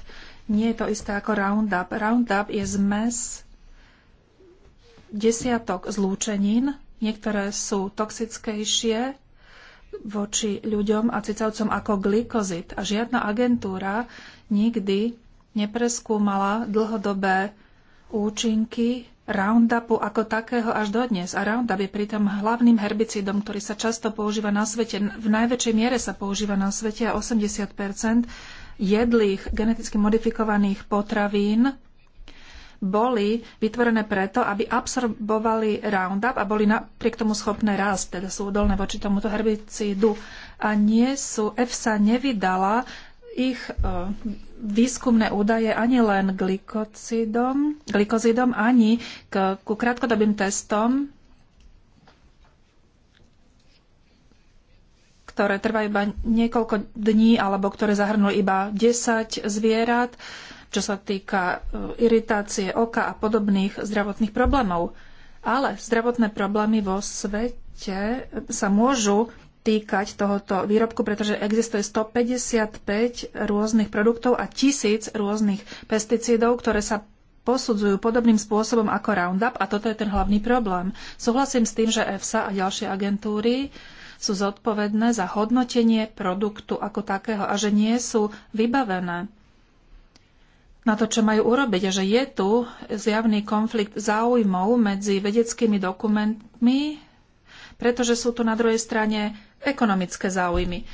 nie je to isté ako Roundup. Roundup je zmes desiatok zlúčenín, niektoré sú toxickejšie, voči ľuďom a cicavcom ako glykozid a žiadna agentúra nikdy nepreskúmala dlhodobé účinky Roundupu ako takého až dodnes a Roundup je pritom hlavným herbicidom, ktorý sa často používa na svete. V najväčšej miere sa používa na svete a 80 jedlých geneticky modifikovaných potravín boli vytvorené preto, aby absorbovali Roundup a boli napriek tomu schopné rásť, teda sú odolné voči tomuto herbicídu. A nie sú, EFSA nevydala ich e, výskumné údaje ani len glikocidom, glikozidom, ani k, ku krátkodobým testom, ktoré trvajú iba niekoľko dní alebo ktoré zahrnú iba 10 zvierat, čo sa týka e, iritácie oka a podobných zdravotných problémov. Ale zdravotné problémy vo svete sa môžu týkať tohoto výrobku, pretože existuje 155 rôznych produktov a tisíc rôznych pesticídov, ktoré sa posudzujú podobným spôsobom ako Roundup a toto je ten hlavný problém. Súhlasím s tým, že EFSA a ďalšie agentúry sú zodpovedné za hodnotenie produktu ako takého a že nie sú vybavené na to, čo majú urobiť a že je tu zjavný konflikt záujmov medzi vedeckými dokumentmi, pretože sú tu na druhej strane ekonomické záujmy.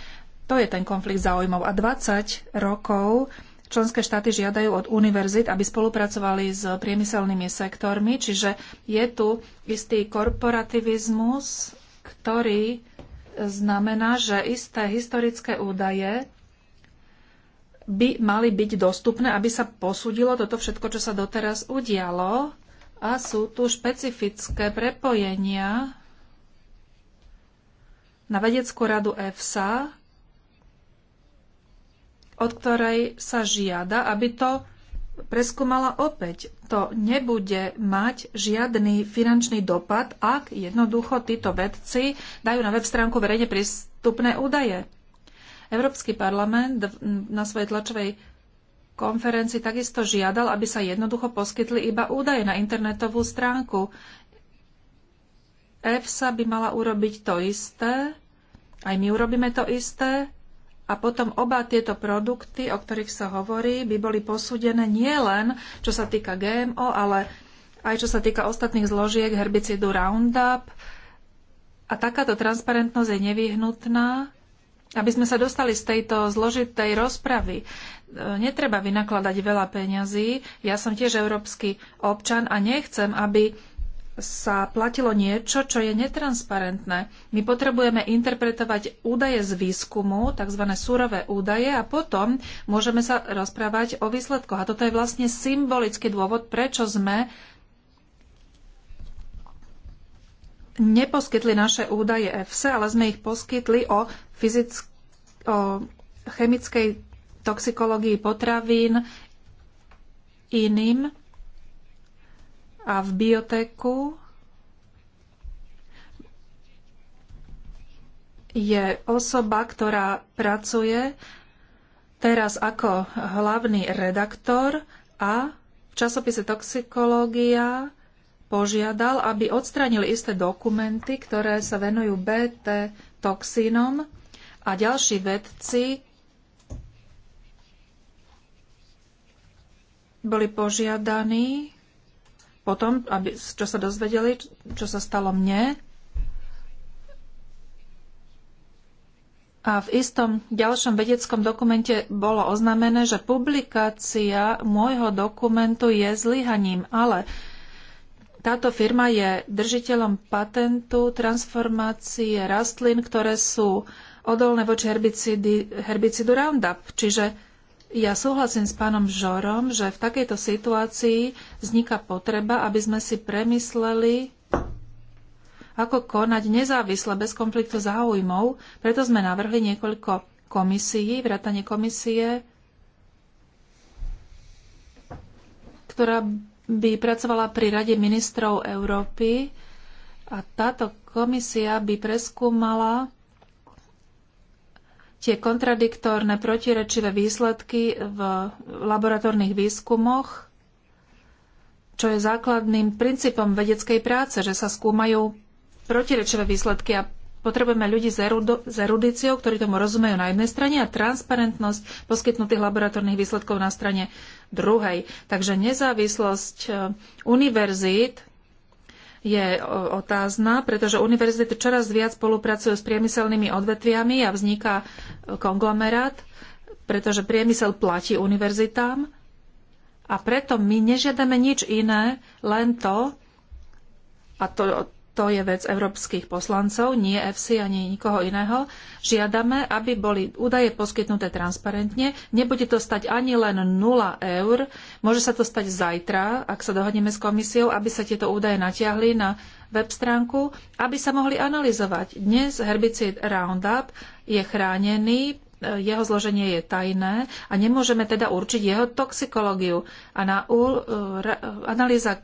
To je ten konflikt záujmov. A 20 rokov členské štáty žiadajú od univerzit, aby spolupracovali s priemyselnými sektormi, čiže je tu istý korporativizmus, ktorý znamená, že isté historické údaje by mali byť dostupné, aby sa posudilo toto všetko, čo sa doteraz udialo. A sú tu špecifické prepojenia na vedeckú radu EFSA, od ktorej sa žiada, aby to preskúmala opäť. To nebude mať žiadny finančný dopad, ak jednoducho títo vedci dajú na web stránku verejne prístupné údaje. Európsky parlament na svojej tlačovej konferencii takisto žiadal, aby sa jednoducho poskytli iba údaje na internetovú stránku. EFSA by mala urobiť to isté, aj my urobíme to isté, a potom oba tieto produkty, o ktorých sa hovorí, by boli posúdené nie len čo sa týka GMO, ale aj čo sa týka ostatných zložiek herbicidu Roundup. A takáto transparentnosť je nevyhnutná, aby sme sa dostali z tejto zložitej rozpravy. E, netreba vynakladať veľa peňazí. Ja som tiež európsky občan a nechcem, aby sa platilo niečo, čo je netransparentné. My potrebujeme interpretovať údaje z výskumu, tzv. surové údaje, a potom môžeme sa rozprávať o výsledkoch. A toto je vlastne symbolický dôvod, prečo sme neposkytli naše údaje EFSA, ale sme ich poskytli o, fyzick- o chemickej toxikológii potravín iným a v biotéku je osoba, ktorá pracuje teraz ako hlavný redaktor a v časopise Toxikológia požiadal, aby odstranili isté dokumenty, ktoré sa venujú BT toxínom a ďalší vedci boli požiadaní potom, aby, čo sa dozvedeli, čo sa stalo mne. A v istom ďalšom vedeckom dokumente bolo oznámené, že publikácia môjho dokumentu je zlyhaním, ale táto firma je držiteľom patentu transformácie rastlín, ktoré sú odolné voči herbicidu Roundup. Čiže ja súhlasím s pánom Žorom, že v takejto situácii vzniká potreba, aby sme si premysleli, ako konať nezávisle bez konfliktu záujmov. Preto sme navrhli niekoľko komisií, vrátanie komisie, ktorá by pracovala pri Rade ministrov Európy a táto komisia by preskúmala tie kontradiktorné protirečivé výsledky v laboratórnych výskumoch, čo je základným princípom vedeckej práce, že sa skúmajú protirečivé výsledky a potrebujeme ľudí s, s erudíciou, ktorí tomu rozumejú na jednej strane a transparentnosť poskytnutých laboratórnych výsledkov na strane druhej. Takže nezávislosť eh, univerzít je e, otázna, pretože univerzity čoraz viac spolupracujú s priemyselnými odvetviami a vzniká e, konglomerát, pretože priemysel platí univerzitám a preto my nežiadame nič iné, len to, a to to je vec európskych poslancov, nie EFSI ani nikoho iného. Žiadame, aby boli údaje poskytnuté transparentne. Nebude to stať ani len 0 eur. Môže sa to stať zajtra, ak sa dohodneme s komisiou, aby sa tieto údaje natiahli na web stránku, aby sa mohli analyzovať. Dnes herbicid Roundup je chránený jeho zloženie je tajné a nemôžeme teda určiť jeho toxikológiu. A na eh, analýza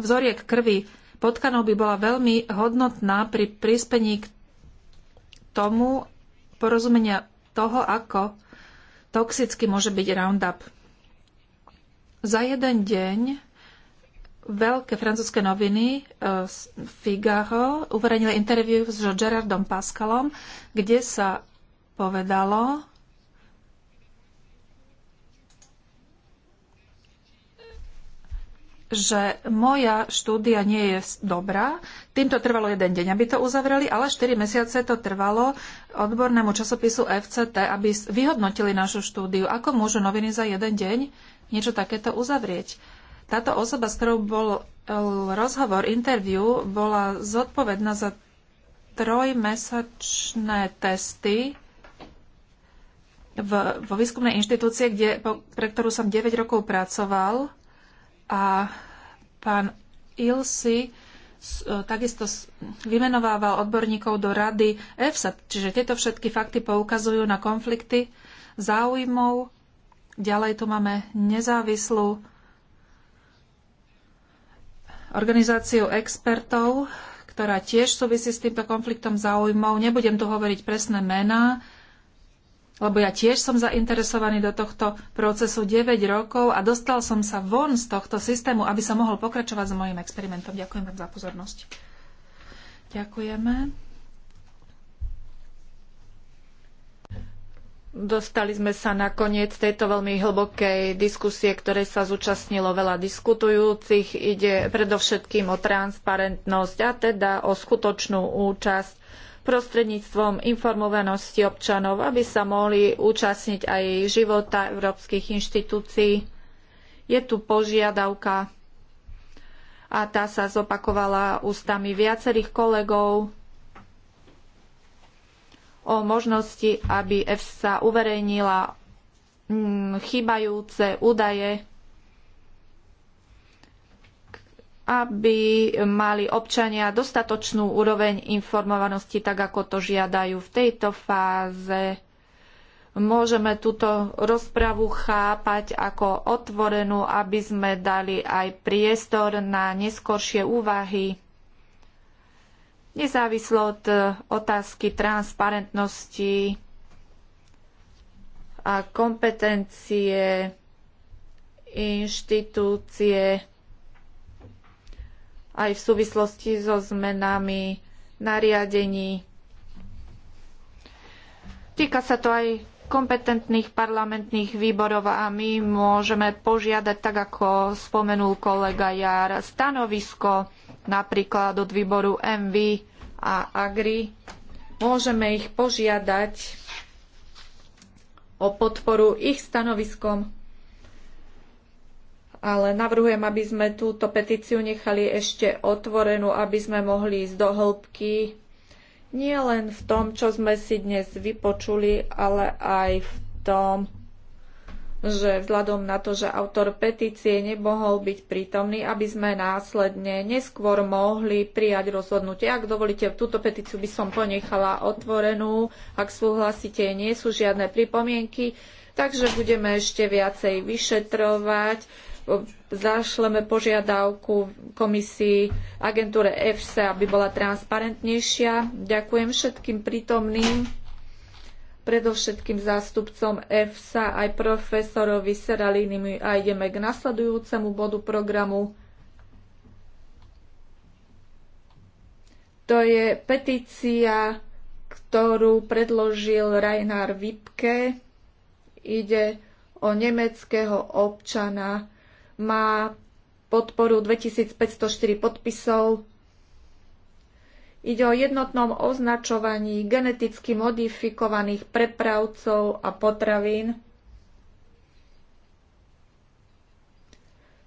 vzoriek krvi potkanov by bola veľmi hodnotná pri prispení k tomu porozumenia toho, ako toxicky môže byť Roundup. Za jeden deň veľké francúzske noviny e, Figaro uverejnili interviu s Gerardom Pascalom, kde sa povedalo, že moja štúdia nie je dobrá. Týmto trvalo jeden deň, aby to uzavreli, ale 4 mesiace to trvalo odbornému časopisu FCT, aby vyhodnotili našu štúdiu. Ako môžu noviny za jeden deň niečo takéto uzavrieť? Táto osoba, s ktorou bol eh, rozhovor, interview, bola zodpovedná za trojmesačné testy v, vo výskumnej inštitúcie, kde, po, pre ktorú som 9 rokov pracoval – a pán Ilsi e, takisto vymenovával odborníkov do rady EFSA. Čiže tieto všetky fakty poukazujú na konflikty záujmov. Ďalej tu máme nezávislú organizáciu expertov, ktorá tiež súvisí s týmto konfliktom záujmov. Nebudem tu hovoriť presné mená, lebo ja tiež som zainteresovaný do tohto procesu 9 rokov a dostal som sa von z tohto systému, aby som mohol pokračovať s mojim experimentom. Ďakujem vám za pozornosť. Ďakujeme. Dostali sme sa na koniec tejto veľmi hlbokej diskusie, ktorej sa zúčastnilo veľa diskutujúcich. Ide predovšetkým o transparentnosť a teda o skutočnú účasť prostredníctvom informovanosti občanov, aby sa mohli účastniť aj života európskych inštitúcií. Je tu požiadavka a tá sa zopakovala ústami viacerých kolegov o možnosti, aby EFSA uverejnila mm, chýbajúce údaje aby mali občania dostatočnú úroveň informovanosti, tak ako to žiadajú v tejto fáze. Môžeme túto rozpravu chápať ako otvorenú, aby sme dali aj priestor na neskoršie úvahy. Nezávislo od otázky transparentnosti a kompetencie inštitúcie aj v súvislosti so zmenami nariadení. Týka sa to aj kompetentných parlamentných výborov a my môžeme požiadať, tak ako spomenul kolega Jar, stanovisko napríklad od výboru MV a Agri. Môžeme ich požiadať o podporu ich stanoviskom ale navrhujem, aby sme túto petíciu nechali ešte otvorenú, aby sme mohli ísť do hĺbky nie len v tom, čo sme si dnes vypočuli, ale aj v tom, že vzhľadom na to, že autor petície nemohol byť prítomný, aby sme následne neskôr mohli prijať rozhodnutie. Ak dovolíte, túto petíciu by som ponechala otvorenú. Ak súhlasíte, nie sú žiadne pripomienky, takže budeme ešte viacej vyšetrovať zašleme požiadavku komisii agentúre EFSA, aby bola transparentnejšia. Ďakujem všetkým prítomným, predovšetkým zástupcom EFSA, aj profesorovi Seralínimu a ideme k nasledujúcemu bodu programu. To je petícia, ktorú predložil Reinhard Wipke. Ide o nemeckého občana má podporu 2504 podpisov. Ide o jednotnom označovaní geneticky modifikovaných prepravcov a potravín.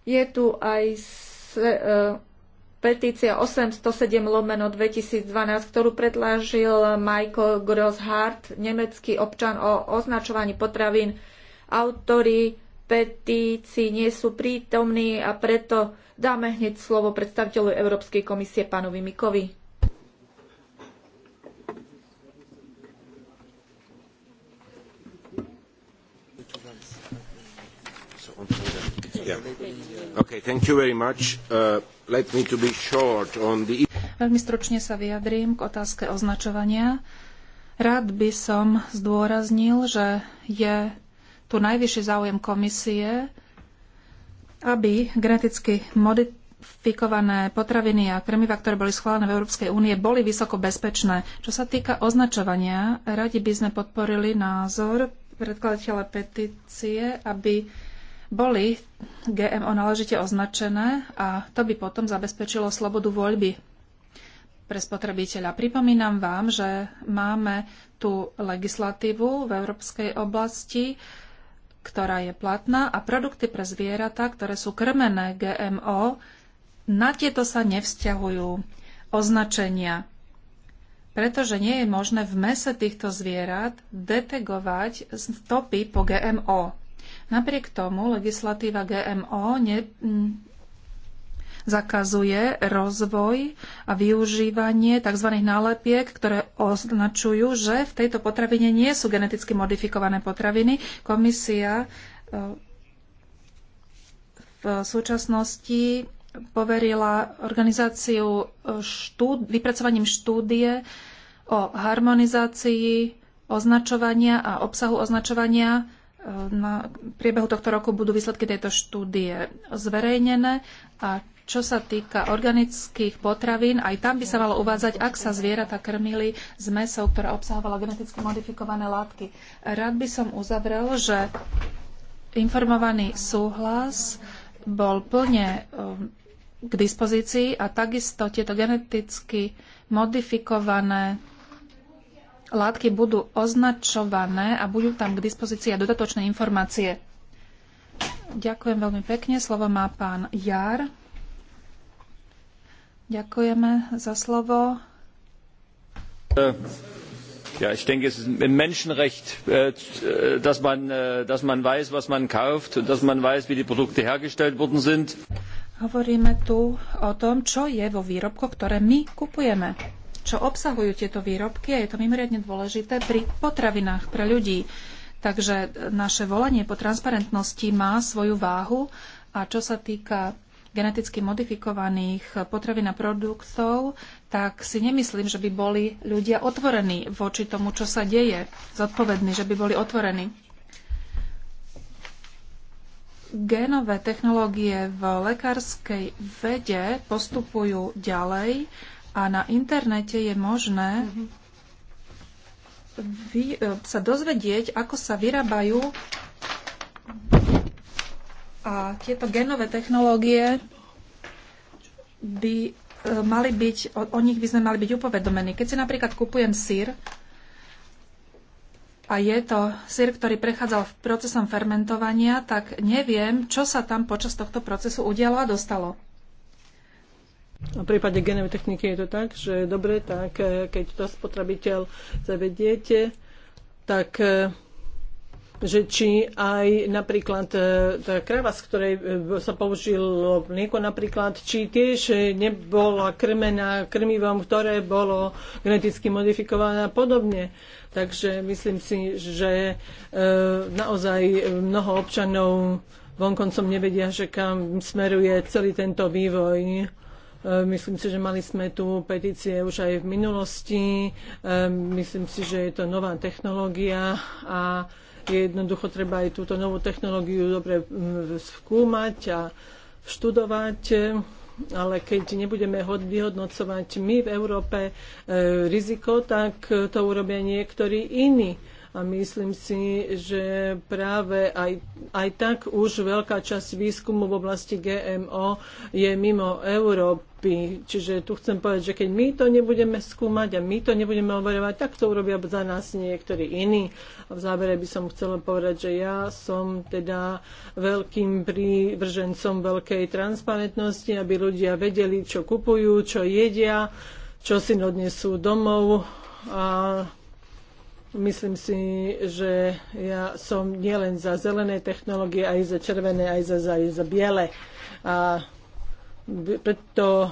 Je tu aj se, e, petícia 807 lomeno 2012, ktorú predlážil Michael Grosshardt, nemecký občan o označovaní potravín. Autory petícii nie sú prítomní a preto dáme hneď slovo predstaviteľu Európskej komisie pánovi Mikovi. Uh, Veľmi stručne sa vyjadrím k otázke označovania. Rád by som zdôraznil, že je tu najvyšší záujem komisie, aby geneticky modifikované potraviny a krmiva, ktoré boli schválené v Európskej únie, boli vysoko bezpečné. Čo sa týka označovania, radi by sme podporili názor predkladateľa petície, aby boli GMO náležite označené a to by potom zabezpečilo slobodu voľby pre spotrebiteľa. Pripomínam vám, že máme tú legislatívu v európskej oblasti ktorá je platná a produkty pre zvieratá, ktoré sú krmené GMO, na tieto sa nevzťahujú označenia, pretože nie je možné v mese týchto zvierat detegovať stopy po GMO. Napriek tomu legislatíva GMO ne, zakazuje rozvoj a využívanie tzv. nálepiek, ktoré označujú, že v tejto potravine nie sú geneticky modifikované potraviny. Komisia e, v súčasnosti poverila organizáciu e, štúd- vypracovaním štúdie o harmonizácii označovania a obsahu označovania e, na priebehu tohto roku budú výsledky tejto štúdie zverejnené a čo sa týka organických potravín, aj tam by sa malo uvádzať, ak sa zvieratá krmili z mesou, ktorá obsahovala geneticky modifikované látky. Rád by som uzavrel, že informovaný súhlas bol plne um, k dispozícii a takisto tieto geneticky modifikované látky budú označované a budú tam k dispozícii a dodatočné informácie. Ďakujem veľmi pekne. Slovo má pán Jar. Ďakujeme za slovo. Ja, ich denke, es ist ein Menschenrecht, äh, äh, dass man, äh, dass man weiß, was man kauft und dass man weiß, wie die Produkte hergestellt worden sind. Hovoríme tu o tom, čo je vo výrobkoch, ktoré my kupujeme. Čo obsahujú tieto výrobky a je to mimoriadne dôležité pri potravinách pre ľudí. Takže naše volanie po transparentnosti má svoju váhu a čo sa týka geneticky modifikovaných potravín a produktov, tak si nemyslím, že by boli ľudia otvorení voči tomu, čo sa deje, zodpovední, že by boli otvorení. Génové technológie v lekárskej vede postupujú ďalej a na internete je možné vy, sa dozvedieť, ako sa vyrábajú a tieto genové technológie by e, mali byť, o, o nich by sme mali byť upovedomení. Keď si napríklad kupujem sír a je to sír, ktorý prechádzal procesom fermentovania, tak neviem, čo sa tam počas tohto procesu udialo a dostalo. V prípade genovej techniky je to tak, že dobre, tak e, keď to spotrebiteľ zavediete, tak e, že či aj napríklad e, tá krava, z ktorej e, sa použilo mlieko napríklad, či tiež nebola krmená krmivom, ktoré bolo geneticky modifikované a podobne. Takže myslím si, že e, naozaj mnoho občanov vonkoncom nevedia, že kam smeruje celý tento vývoj. Myslím si, že mali sme tu petície už aj v minulosti. Myslím si, že je to nová technológia a Jednoducho treba aj túto novú technológiu dobre mm, skúmať a študovať ale keď nebudeme vyhodnocovať my v Európe e, riziko, tak to urobia niektorí iní a myslím si, že práve aj, aj tak už veľká časť výskumu v oblasti GMO je mimo Európy. Čiže tu chcem povedať, že keď my to nebudeme skúmať a my to nebudeme overovať, tak to urobia za nás niektorí iní. A v závere by som chcela povedať, že ja som teda veľkým prívržencom veľkej transparentnosti, aby ľudia vedeli, čo kupujú, čo jedia, čo si odnesú domov a Myslím si, že ja som nielen za zelené technológie, aj za červené, aj za, za, aj za biele. A preto,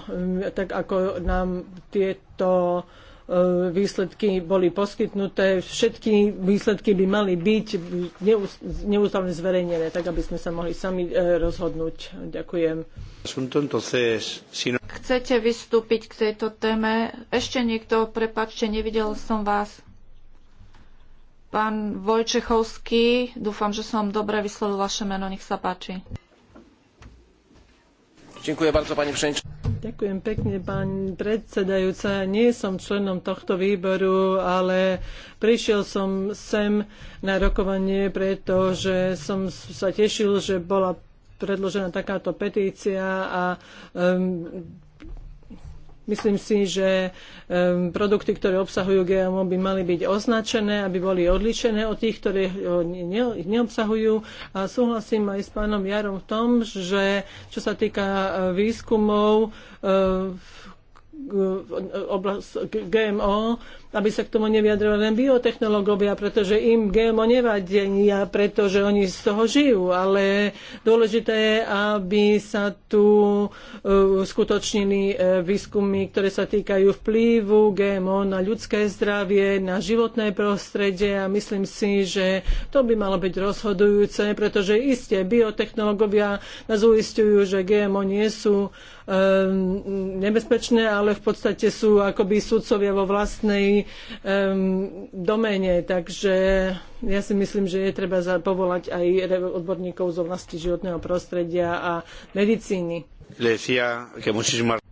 tak ako nám tieto e, výsledky boli poskytnuté, všetky výsledky by mali byť neústavne zverejnené, tak aby sme sa mohli sami e, rozhodnúť. Ďakujem. No- Chcete vystúpiť k tejto téme? Ešte niekto, prepačte, nevidel som vás. Pán Vojčechovský, dúfam, že som dobre vyslovil vaše meno, nech sa páči. Ďakujem bardzo, pani przewodnicząca. Ďakujem pekne, pán predsedajúca. Nie som členom tohto výboru, ale prišiel som sem na rokovanie, pretože som sa tešil, že bola predložená takáto petícia a um, Myslím si, že produkty, ktoré obsahujú GMO, by mali byť označené, aby boli odlišené od tých, ktoré ho neobsahujú. A súhlasím aj s pánom Jarom v tom, že čo sa týka e, výskumov, e, e, oblasti GMO, aby sa k tomu neviadrovali len biotechnológovia, pretože im GMO nevadenia, pretože oni z toho žijú, ale dôležité je, aby sa tu e, skutočnili e, výskumy, ktoré sa týkajú vplyvu GMO na ľudské zdravie, na životné prostredie a myslím si, že to by malo byť rozhodujúce, pretože isté biotechnológovia nás uistujú, že GMO nie sú e, nebezpečné, ale v podstate sú akoby sudcovia vo vlastnej um, doméne. Takže ja si myslím, že je treba povolať aj odborníkov z oblasti životného prostredia a medicíny.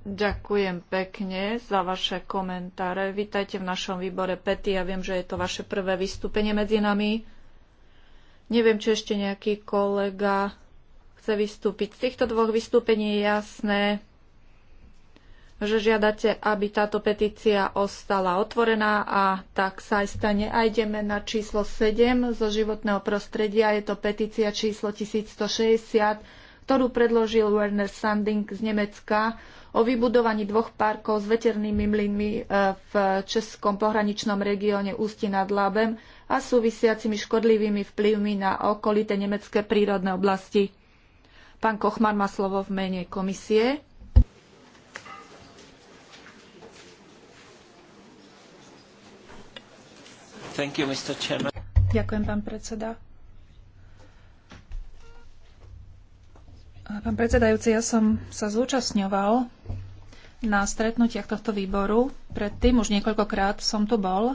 Ďakujem pekne za vaše komentáre. Vítajte v našom výbore Pety. Ja viem, že je to vaše prvé vystúpenie medzi nami. Neviem, či ešte nejaký kolega chce vystúpiť. Z týchto dvoch vystúpení je jasné, že žiadate, aby táto petícia ostala otvorená a tak sa aj stane. A ideme na číslo 7 zo životného prostredia. Je to petícia číslo 1160, ktorú predložil Werner Sanding z Nemecka o vybudovaní dvoch parkov s veternými mlynmi e, v českom pohraničnom regióne Ústi nad Labem a súvisiacimi škodlivými vplyvmi na okolité nemecké prírodné oblasti. Pán Kochman má slovo v mene komisie. Thank you, Mr. Chairman. Ďakujem, pán predseda. Pán predsedajúci, ja som sa zúčastňoval na stretnutiach tohto výboru. Predtým už niekoľkokrát som tu bol.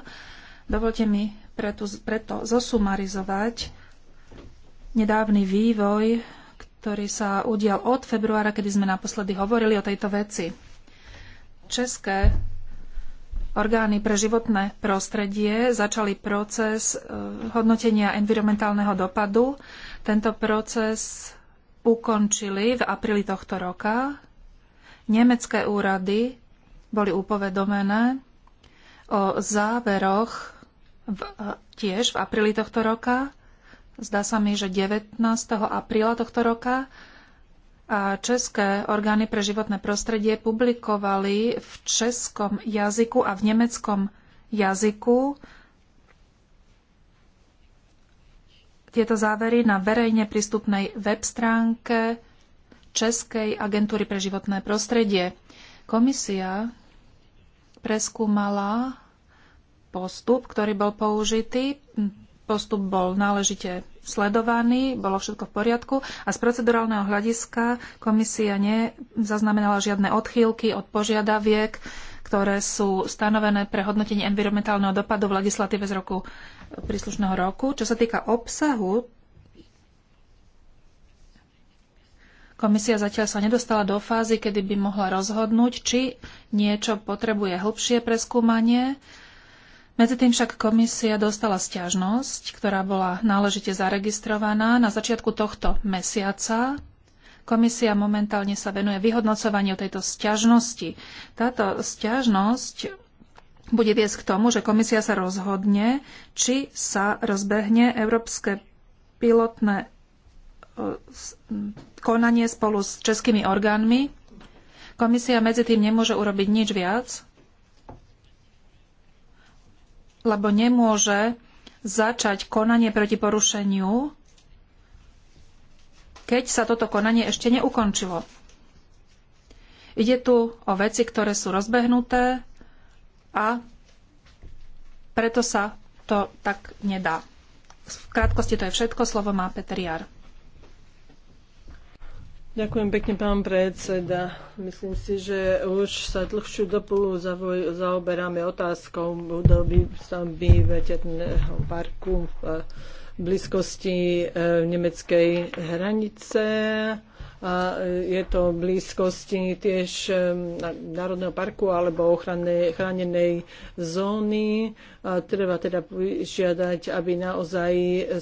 Dovolte mi preto, preto zosumarizovať nedávny vývoj, ktorý sa udial od februára, kedy sme naposledy hovorili o tejto veci. České orgány pre životné prostredie začali proces e, hodnotenia environmentálneho dopadu. Tento proces ukončili v apríli tohto roka. Nemecké úrady boli upovedomené o záveroch v, e, tiež v apríli tohto roka. Zdá sa mi, že 19. apríla tohto roka české orgány pre životné prostredie publikovali v českom jazyku a v nemeckom jazyku tieto závery na verejne prístupnej web stránke Českej agentúry pre životné prostredie. Komisia preskúmala postup, ktorý bol použitý. Postup bol náležite sledovaní, bolo všetko v poriadku a z procedurálneho hľadiska komisia nezaznamenala žiadne odchýlky od požiadaviek, ktoré sú stanovené pre hodnotenie environmentálneho dopadu v legislatíve z roku príslušného roku. Čo sa týka obsahu, komisia zatiaľ sa nedostala do fázy, kedy by mohla rozhodnúť, či niečo potrebuje hĺbšie preskúmanie medzi tým však komisia dostala stiažnosť, ktorá bola náležite zaregistrovaná na začiatku tohto mesiaca. Komisia momentálne sa venuje vyhodnocovaniu tejto stiažnosti. Táto stiažnosť bude viesť k tomu, že komisia sa rozhodne, či sa rozbehne európske pilotné konanie spolu s českými orgánmi. Komisia medzi tým nemôže urobiť nič viac, lebo nemôže začať konanie proti porušeniu, keď sa toto konanie ešte neukončilo. Ide tu o veci, ktoré sú rozbehnuté a preto sa to tak nedá. V krátkosti to je všetko. Slovo má Peter Jar. Ďakujem pekne, pán predseda. Myslím si, že už sa dlhšiu dobu zaoberáme otázkou budovy stavby veterného parku v blízkosti e, nemeckej hranice a e, je to v blízkosti tiež e, Národného parku alebo ochrannej, chránenej zóny. A treba teda žiadať, aby naozaj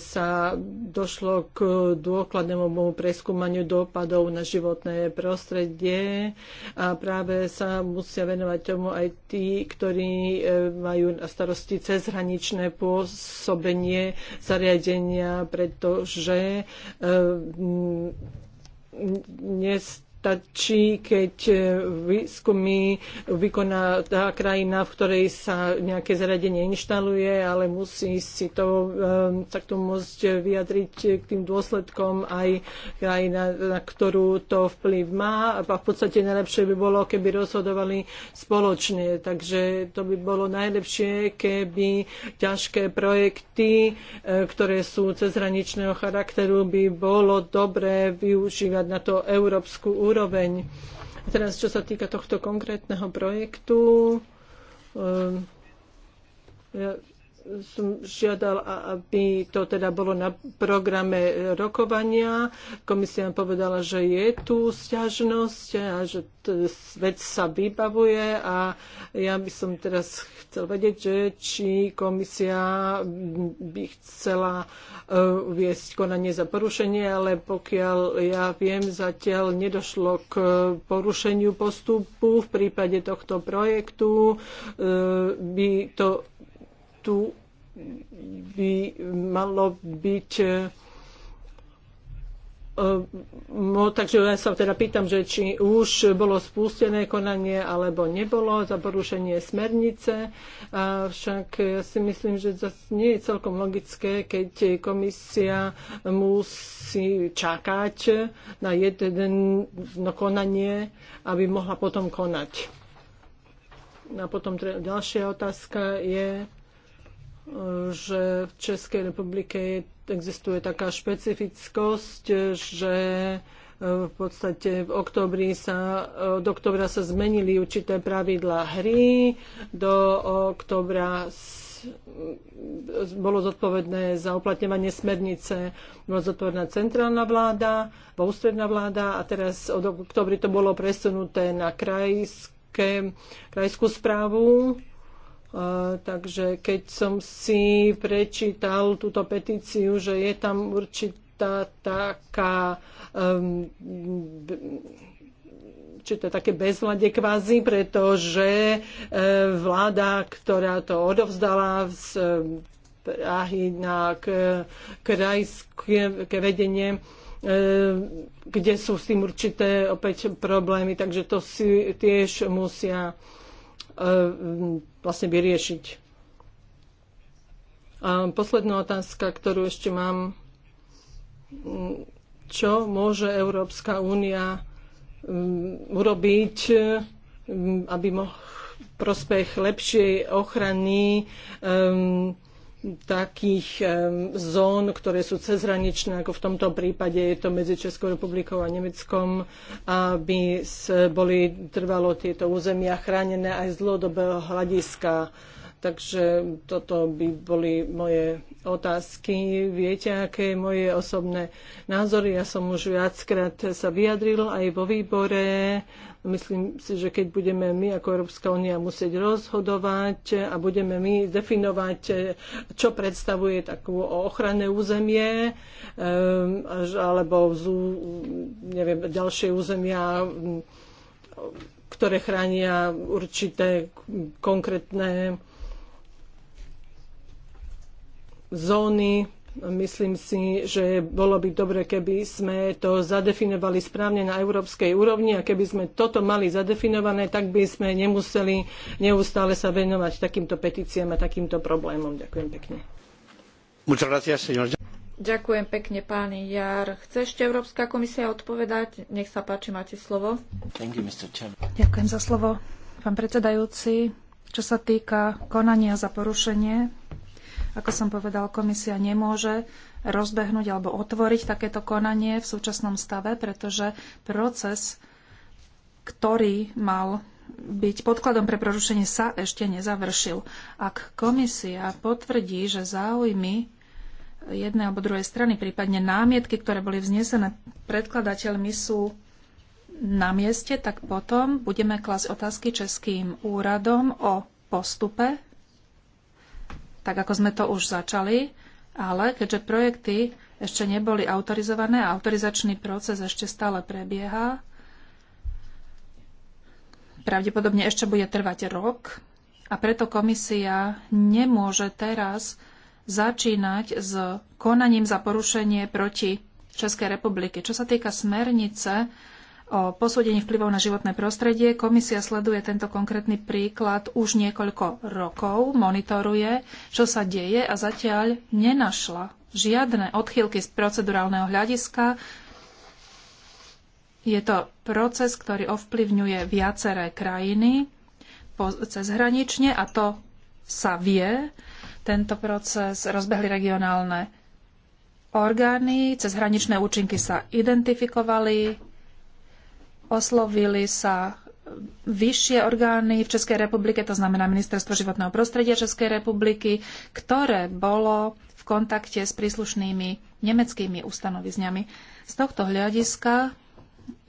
sa došlo k dôkladnému preskúmaniu dopadov na životné prostredie a práve sa musia venovať tomu aj tí, ktorí e, majú na starosti cezhraničné pôsobenie zariadenia, pretože dnes stačí, keď e, výskumy vykoná tá krajina, v ktorej sa nejaké zariadenie inštaluje, ale musí si to takto e, môcť vyjadriť k tým dôsledkom aj krajina, na ktorú to vplyv má. A v podstate najlepšie by bolo, keby rozhodovali spoločne. Takže to by bolo najlepšie, keby ťažké projekty, e, ktoré sú cezhraničného charakteru, by bolo dobré využívať na to Európsku úroveň úroveň. A teraz, čo sa týka tohto konkrétneho projektu, ehm, ja som žiadal, aby to teda bolo na programe rokovania. Komisia povedala, že je tu sťažnosť a že vec sa vybavuje a ja by som teraz chcel vedieť, že či komisia by chcela e, uviesť konanie za porušenie, ale pokiaľ ja viem, zatiaľ nedošlo k porušeniu postupu v prípade tohto projektu. E, by to tu by malo byť No, takže ja sa teda pýtam, že či už bolo spustené konanie alebo nebolo za porušenie smernice. Však ja si myslím, že zase nie je celkom logické, keď komisia musí čakať na jeden no, konanie, aby mohla potom konať. A potom ďalšia otázka je, že v Českej republike existuje taká špecifickosť, že e, v podstate v oktobri sa, od oktobra sa zmenili určité pravidlá hry, do oktobra bolo zodpovedné za uplatňovanie smernice, bola zodpovedná centrálna vláda, ústredná vláda a teraz od oktobri to bolo presunuté na krajské, krajskú správu takže keď som si prečítal túto petíciu, že je tam určitá taká um, či to je také bezvlade kvázi, pretože e, vláda, ktorá to odovzdala z e, Prahy na krajské vedenie, e, kde sú s tým určité opäť problémy, takže to si tiež musia E, vlastne vyriešiť. A posledná otázka, ktorú ešte mám. Čo môže Európska únia mm, urobiť, mm, aby mohla prospech lepšej ochrany um, takých zón, ktoré sú cezhraničné, ako v tomto prípade je to medzi Českou republikou a Nemeckom, aby boli trvalo tieto územia chránené aj z dlhodobého hľadiska Takže toto by boli moje otázky. Viete, aké je moje osobné názory? Ja som už viackrát sa vyjadril aj vo výbore. Myslím si, že keď budeme my ako Európska únia musieť rozhodovať a budeme my definovať, čo predstavuje takú ochranné územie ehm, alebo neviem, ďalšie územia ktoré chránia určité konkrétne zóny. Myslím si, že bolo by dobre, keby sme to zadefinovali správne na európskej úrovni a keby sme toto mali zadefinované, tak by sme nemuseli neustále sa venovať takýmto petíciám a takýmto problémom. Ďakujem pekne. Ďakujem pekne, pán Jar. Chce ešte Európska komisia odpovedať? Nech sa páči, máte slovo. You, Ďakujem za slovo, pán predsedajúci. Čo sa týka konania za porušenie ako som povedal, komisia nemôže rozbehnúť alebo otvoriť takéto konanie v súčasnom stave, pretože proces, ktorý mal byť podkladom pre prorušenie sa ešte nezavršil. Ak komisia potvrdí, že záujmy jednej alebo druhej strany, prípadne námietky, ktoré boli vznesené predkladateľmi, sú na mieste, tak potom budeme klasť otázky českým úradom o postupe tak ako sme to už začali, ale keďže projekty ešte neboli autorizované a autorizačný proces ešte stále prebieha, pravdepodobne ešte bude trvať rok a preto komisia nemôže teraz začínať s konaním za porušenie proti Českej republiky. Čo sa týka smernice o posúdení vplyvov na životné prostredie. Komisia sleduje tento konkrétny príklad už niekoľko rokov, monitoruje, čo sa deje a zatiaľ nenašla žiadne odchýlky z procedurálneho hľadiska. Je to proces, ktorý ovplyvňuje viaceré krajiny cezhranične a to sa vie. Tento proces rozbehli regionálne orgány, cezhraničné účinky sa identifikovali, oslovili sa vyššie orgány v Českej republike, to znamená Ministerstvo životného prostredia Českej republiky, ktoré bolo v kontakte s príslušnými nemeckými ustanovizňami. Z tohto hľadiska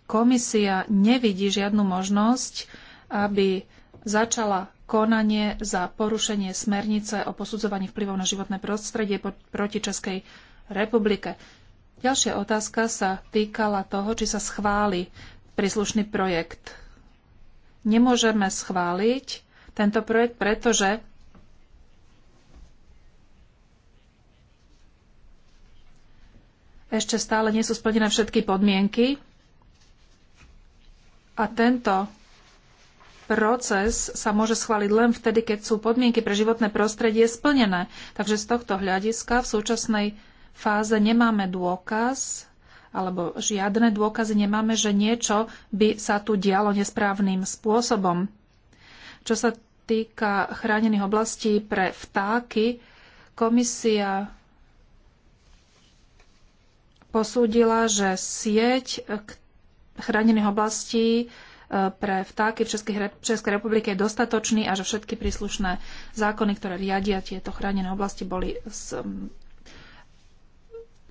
komisia nevidí žiadnu možnosť, aby začala konanie za porušenie smernice o posudzovaní vplyvov na životné prostredie proti Českej republike. Ďalšia otázka sa týkala toho, či sa schváli príslušný projekt. Nemôžeme schváliť tento projekt, pretože ešte stále nie sú splnené všetky podmienky a tento proces sa môže schváliť len vtedy, keď sú podmienky pre životné prostredie splnené. Takže z tohto hľadiska v súčasnej fáze nemáme dôkaz, alebo žiadne dôkazy nemáme, že niečo by sa tu dialo nesprávnym spôsobom. Čo sa týka chránených oblastí pre vtáky, komisia posúdila, že sieť chránených oblastí e, pre vtáky v Českej republike je dostatočný a že všetky príslušné zákony, ktoré riadia tieto chránené oblasti, boli z...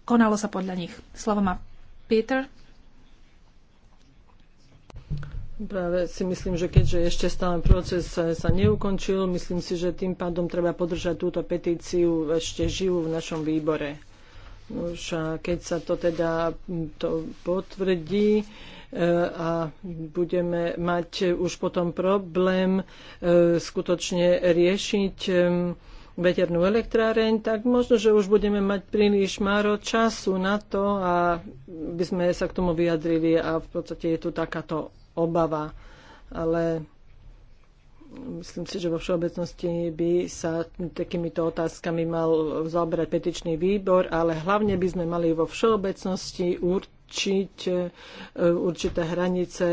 konalo sa podľa nich. Slovo má Peter? Práve si myslím, že keďže ešte stále proces sa neukončil, myslím si, že tým pádom treba podržať túto petíciu ešte živú v našom výbore. Už no, keď sa to teda to potvrdí e, a budeme mať už potom problém e, skutočne riešiť e, veternú elektráreň, tak možno, že už budeme mať príliš máro času na to a by sme sa k tomu vyjadrili a v podstate je tu takáto obava. Ale myslím si, že vo všeobecnosti by sa takýmito otázkami mal zaoberať petičný výbor, ale hlavne by sme mali vo všeobecnosti určiť e, určité hranice,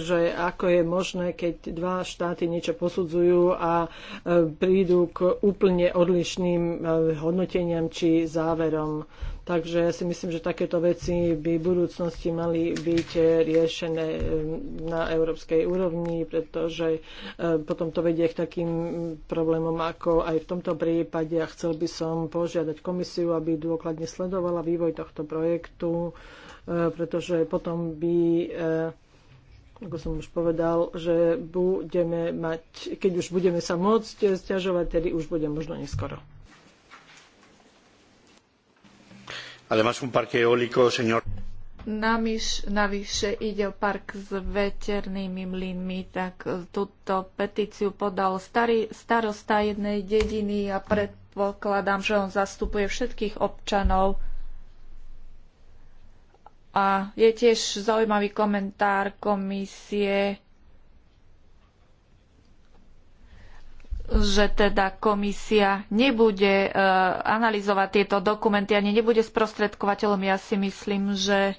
že ako je možné, keď dva štáty niečo posudzujú a e, prídu k úplne odlišným e, hodnoteniam či záverom. Takže ja si myslím, že takéto veci by v budúcnosti mali byť riešené na európskej úrovni, pretože potom to vedie k takým problémom, ako aj v tomto prípade. A chcel by som požiadať komisiu, aby dôkladne sledovala vývoj tohto projektu E, pretože potom by e, ako som už povedal, že budeme mať, keď už budeme sa môcť stiažovať, tedy už bude možno neskoro. Además, un parque eólico, señor. Namiš, navyše ide o park s veternými mlynmi, tak túto petíciu podal starý, starosta jednej dediny a predpokladám, že on zastupuje všetkých občanov a je tiež zaujímavý komentár komisie, že teda komisia nebude e, analyzovať tieto dokumenty ani nebude sprostredkovateľom. Ja si myslím, že,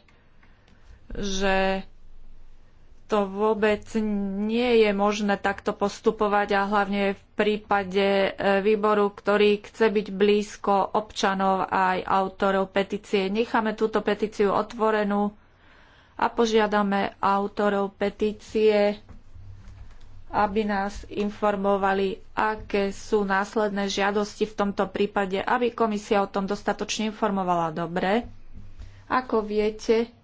že to vôbec nie je možné takto postupovať a hlavne v prípade e, výboru, ktorý chce byť blízko občanov a aj autorov petície. Necháme túto petíciu otvorenú a požiadame autorov petície, aby nás informovali, aké sú následné žiadosti v tomto prípade, aby komisia o tom dostatočne informovala. Dobre. Ako viete,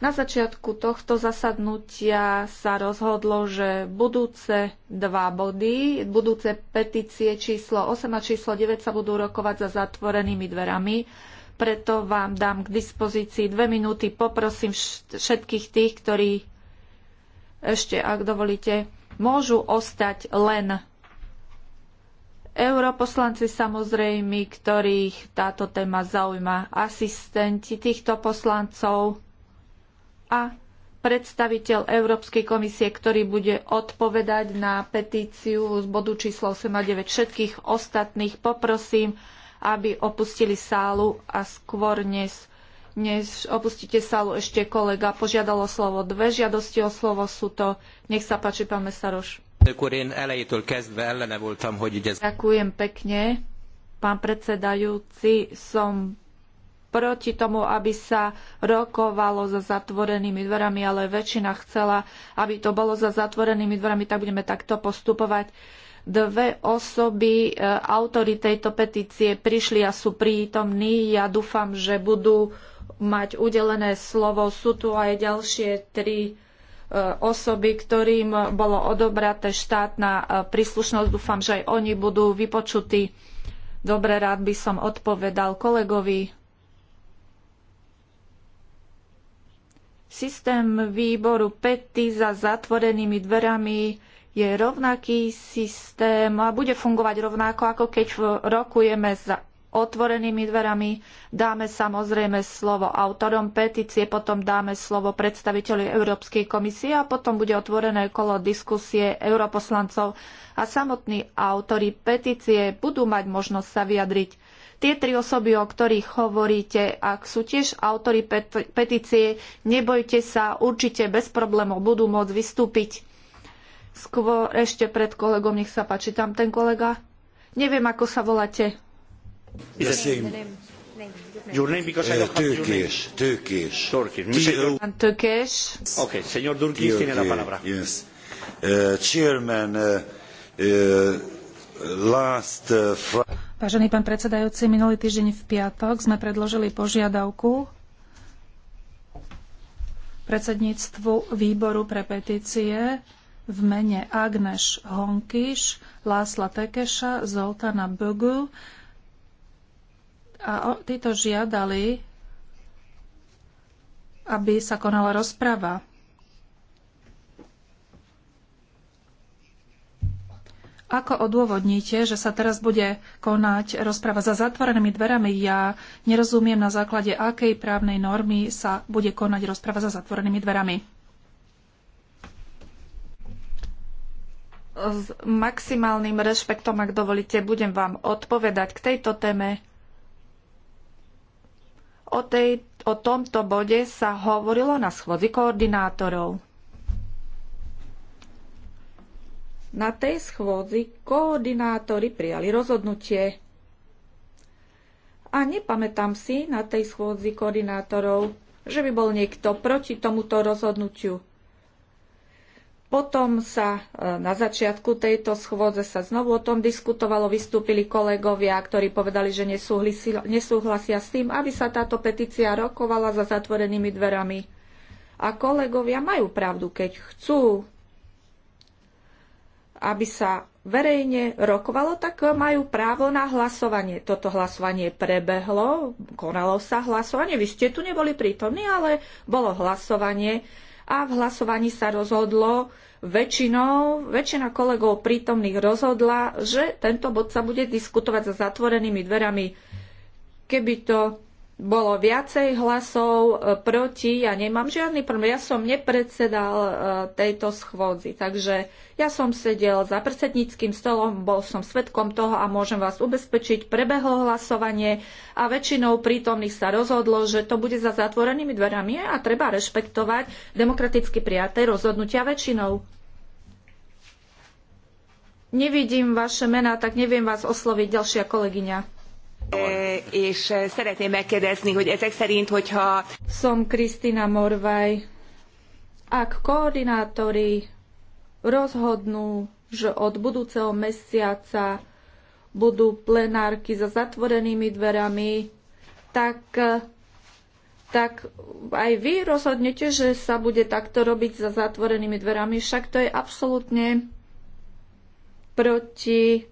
na začiatku tohto zasadnutia sa rozhodlo, že budúce dva body, budúce petície číslo 8 a číslo 9 sa budú rokovať za zatvorenými dverami. Preto vám dám k dispozícii dve minúty. Poprosím všetkých tých, ktorí ešte, ak dovolíte, môžu ostať len europoslanci samozrejme, ktorých táto téma zaujíma, asistenti týchto poslancov, a predstaviteľ Európskej komisie, ktorý bude odpovedať na petíciu z bodu číslo 8 a 9 všetkých ostatných. Poprosím, aby opustili sálu a skôr dnes než opustíte sálu, ešte kolega požiadalo slovo. Dve žiadosti o slovo sú to. Nech sa páči, pán Mesaroš. Ďakujem pekne. Pán predsedajúci, som proti tomu, aby sa rokovalo za zatvorenými dverami, ale väčšina chcela, aby to bolo za zatvorenými dverami, tak budeme takto postupovať. Dve osoby, e, autory tejto petície prišli a sú prítomní. Ja dúfam, že budú mať udelené slovo. Sú tu aj ďalšie tri e, osoby, ktorým bolo odobraté štátna e, príslušnosť. Dúfam, že aj oni budú vypočutí. Dobre, rád by som odpovedal kolegovi Systém výboru PETI za zatvorenými dverami je rovnaký systém a bude fungovať rovnako, ako keď rokujeme za otvorenými dverami. Dáme samozrejme slovo autorom petície, potom dáme slovo predstaviteľi Európskej komisie a potom bude otvorené kolo diskusie europoslancov a samotní autory petície budú mať možnosť sa vyjadriť. Tie tri osoby, o ktorých hovoríte, ak sú tiež autory petície, nebojte sa, určite bez problémov budú môcť vystúpiť. Skôr ešte pred kolegom, nech sa páči tam ten kolega. Neviem, ako sa voláte. Your name because I uh, don't have your name. Turkish. Turkish. Turkish. Okay, señor Durkis tiene la palabra. Yes. Uh, chairman, uh, uh, Uh, Vážený pán predsedajúci, minulý týždeň v piatok sme predložili požiadavku predsedníctvu výboru pre petície v mene Agneš Honkiš, Lásla Tekeša, Zoltana Bogu a títo žiadali, aby sa konala rozprava Ako odôvodníte, že sa teraz bude konať rozpráva za zatvorenými dverami? Ja nerozumiem, na základe akej právnej normy sa bude konať rozpráva za zatvorenými dverami. S maximálnym rešpektom, ak dovolíte, budem vám odpovedať k tejto téme. O, tej, o tomto bode sa hovorilo na schôdzi koordinátorov. Na tej schôdzi koordinátori prijali rozhodnutie. A nepamätám si na tej schôdzi koordinátorov, že by bol niekto proti tomuto rozhodnutiu. Potom sa e, na začiatku tejto schôdze sa znovu o tom diskutovalo, vystúpili kolegovia, ktorí povedali, že nesúhlasia, nesúhlasia s tým, aby sa táto petícia rokovala za zatvorenými dverami. A kolegovia majú pravdu, keď chcú aby sa verejne rokovalo, tak eh, majú právo na hlasovanie. Toto hlasovanie prebehlo, konalo sa hlasovanie. Vy ste tu neboli prítomní, ale bolo hlasovanie a v hlasovaní sa rozhodlo väčšinou, väčšina kolegov prítomných rozhodla, že tento bod sa bude diskutovať za zatvorenými dverami. Keby to bolo viacej hlasov e, proti, ja nemám žiadny problém, ja som nepredsedal e, tejto schôdzi, takže ja som sedel za predsedníckým stolom, bol som svetkom toho a môžem vás ubezpečiť, prebehlo hlasovanie a väčšinou prítomných sa rozhodlo, že to bude za zatvorenými dverami a treba rešpektovať demokraticky prijaté rozhodnutia väčšinou. Nevidím vaše mená, tak neviem vás osloviť ďalšia kolegyňa. És szeretném megkérdezni, hogy ezek szerint, hogyha... Som Kristina Morvaj. Ak koordinátori rozhodnú, že od budúceho mesiaca budú plenárky za zatvorenými dverami, tak, tak aj vy rozhodnete, že sa bude takto robiť za zatvorenými dverami. Však to je absolútne proti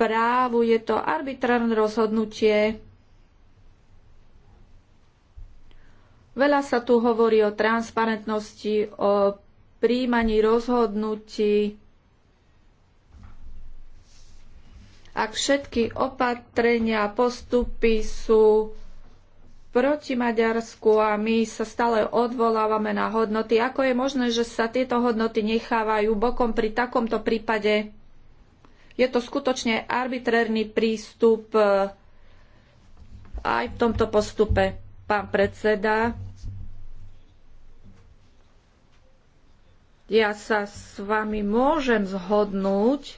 právu. Je to arbitrárne rozhodnutie. Veľa sa tu hovorí o transparentnosti, o príjmaní rozhodnutí. Ak všetky opatrenia a postupy sú proti Maďarsku a my sa stále odvolávame na hodnoty. Ako je možné, že sa tieto hodnoty nechávajú bokom pri takomto prípade? Je to skutočne arbitrérny prístup e, aj v tomto postupe. Pán predseda, ja sa s vami môžem zhodnúť,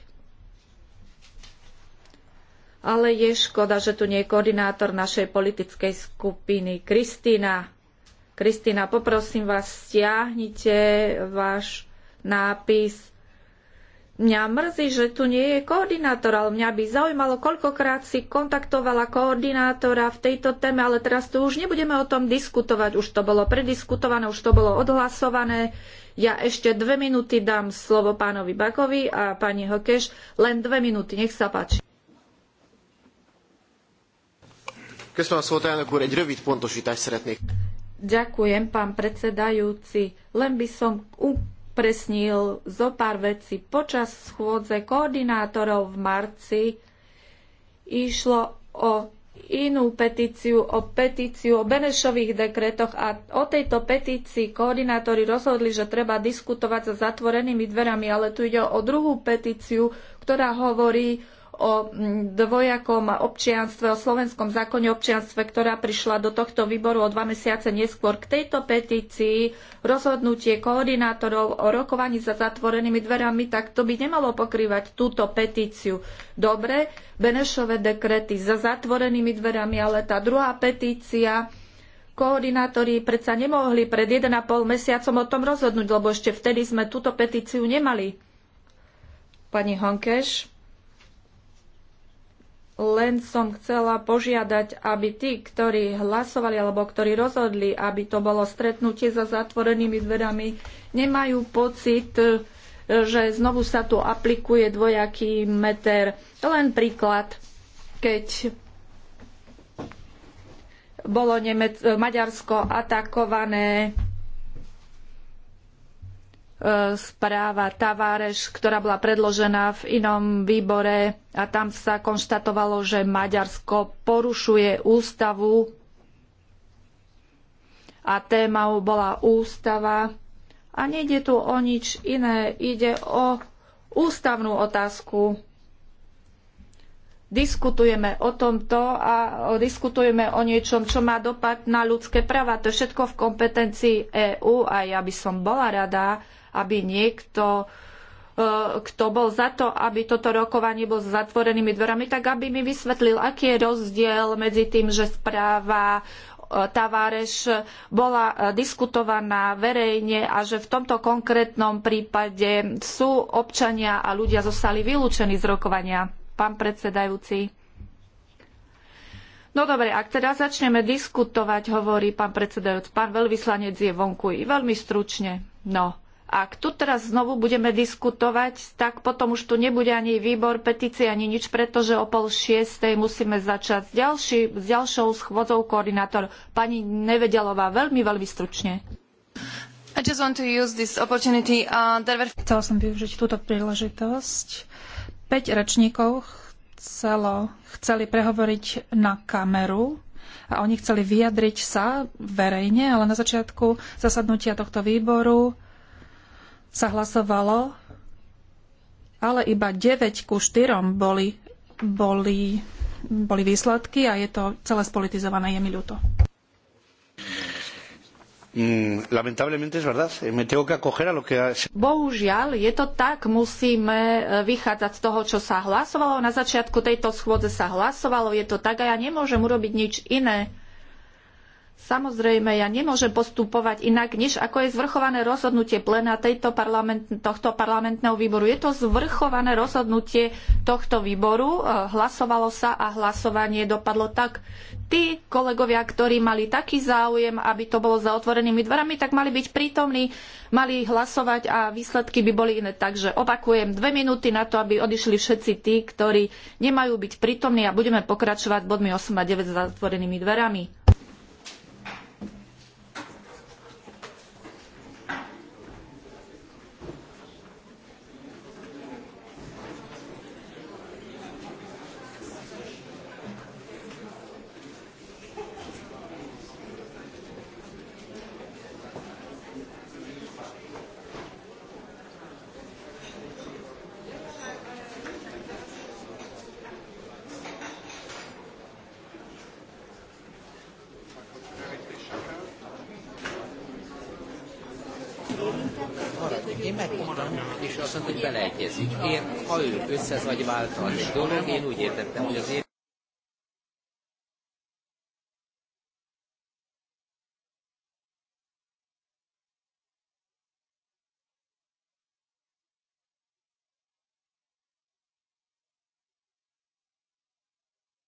ale je škoda, že tu nie je koordinátor našej politickej skupiny. Kristýna, Kristýna, poprosím vás, stiahnite váš nápis Mňa mrzí, že tu nie je koordinátor, ale mňa by zaujímalo, koľkokrát si kontaktovala koordinátora v tejto téme, ale teraz tu už nebudeme o tom diskutovať. Už to bolo prediskutované, už to bolo odhlasované. Ja ešte dve minúty dám slovo pánovi Bakovi a pani Hokeš. Len dve minúty, nech sa páči. Ďakujem, pán predsedajúci. Len by som upresnil zo pár vecí. Počas schôdze koordinátorov v marci išlo o inú petíciu, o petíciu o Benešových dekretoch a o tejto petícii koordinátori rozhodli, že treba diskutovať so zatvorenými dverami, ale tu ide o druhú petíciu, ktorá hovorí o mm, dvojakom občianstve, o slovenskom zákone občianstve, ktorá prišla do tohto výboru o dva mesiace neskôr. K tejto petícii rozhodnutie koordinátorov o rokovaní za zatvorenými dverami, tak to by nemalo pokrývať túto petíciu. Dobre, Benešové dekrety za zatvorenými dverami, ale tá druhá petícia koordinátori predsa nemohli pred 1,5 mesiacom o tom rozhodnúť, lebo ešte vtedy sme túto petíciu nemali. Pani Honkeš. Len som chcela požiadať, aby tí, ktorí hlasovali alebo ktorí rozhodli, aby to bolo stretnutie za zatvorenými dverami, nemajú pocit, e, že znovu sa tu aplikuje dvojaký meter. Len príklad, keď bolo Nemec- e, Maďarsko atakované správa Taváreš, ktorá bola predložená v inom výbore a tam sa konštatovalo, že Maďarsko porušuje ústavu a témou bola ústava. A nejde tu o nič iné, ide o ústavnú otázku diskutujeme o tomto a diskutujeme o niečom, čo má dopad na ľudské práva. To je všetko v kompetencii EÚ a ja by som bola rada, aby niekto e, kto bol za to, aby toto rokovanie bolo s zatvorenými dverami, tak aby mi vysvetlil, aký je rozdiel medzi tým, že správa e, Taváreš bola e, diskutovaná verejne a že v tomto konkrétnom prípade sú občania a ľudia zostali vylúčení z rokovania. Pán predsedajúci. No dobre, ak teda začneme diskutovať, hovorí pán predsedajúc, pán veľvyslanec je vonku i veľmi stručne. No, ak tu teraz znovu budeme diskutovať, tak potom už tu nebude ani výbor petície, ani nič, pretože o pol šiestej musíme začať s, ďalší, s ďalšou schôdzou koordinátor. Pani Nevedelová, veľmi, veľmi stručne. Uh, Chcela som využiť túto príležitosť. Päť rečníkov chcelo, chceli prehovoriť na kameru a oni chceli vyjadriť sa verejne, ale na začiatku zasadnutia tohto výboru sa hlasovalo, ale iba 9 ku 4 boli, boli, boli výsledky a je to celé spolitizované, je mi ľúto. Bohužiaľ, je to tak, musíme eh, vychádzať z toho, čo sa hlasovalo. Na začiatku tejto schôdze sa hlasovalo, je to tak a ja nemôžem urobiť nič iné. Samozrejme, ja nemôžem postupovať inak, než ako je zvrchované rozhodnutie plena tejto parlament, tohto parlamentného výboru. Je to zvrchované rozhodnutie tohto výboru, e, hlasovalo sa a hlasovanie dopadlo tak. Tí kolegovia, ktorí mali taký záujem, aby to bolo za otvorenými dverami, tak mali byť prítomní, mali hlasovať a výsledky by boli iné. Takže opakujem dve minúty na to, aby odišli všetci tí, ktorí nemajú byť prítomní a budeme pokračovať bodmi 8 a 9 za otvorenými dverami. ez vagy váltani dolog. Én úgy értettem, hogy az én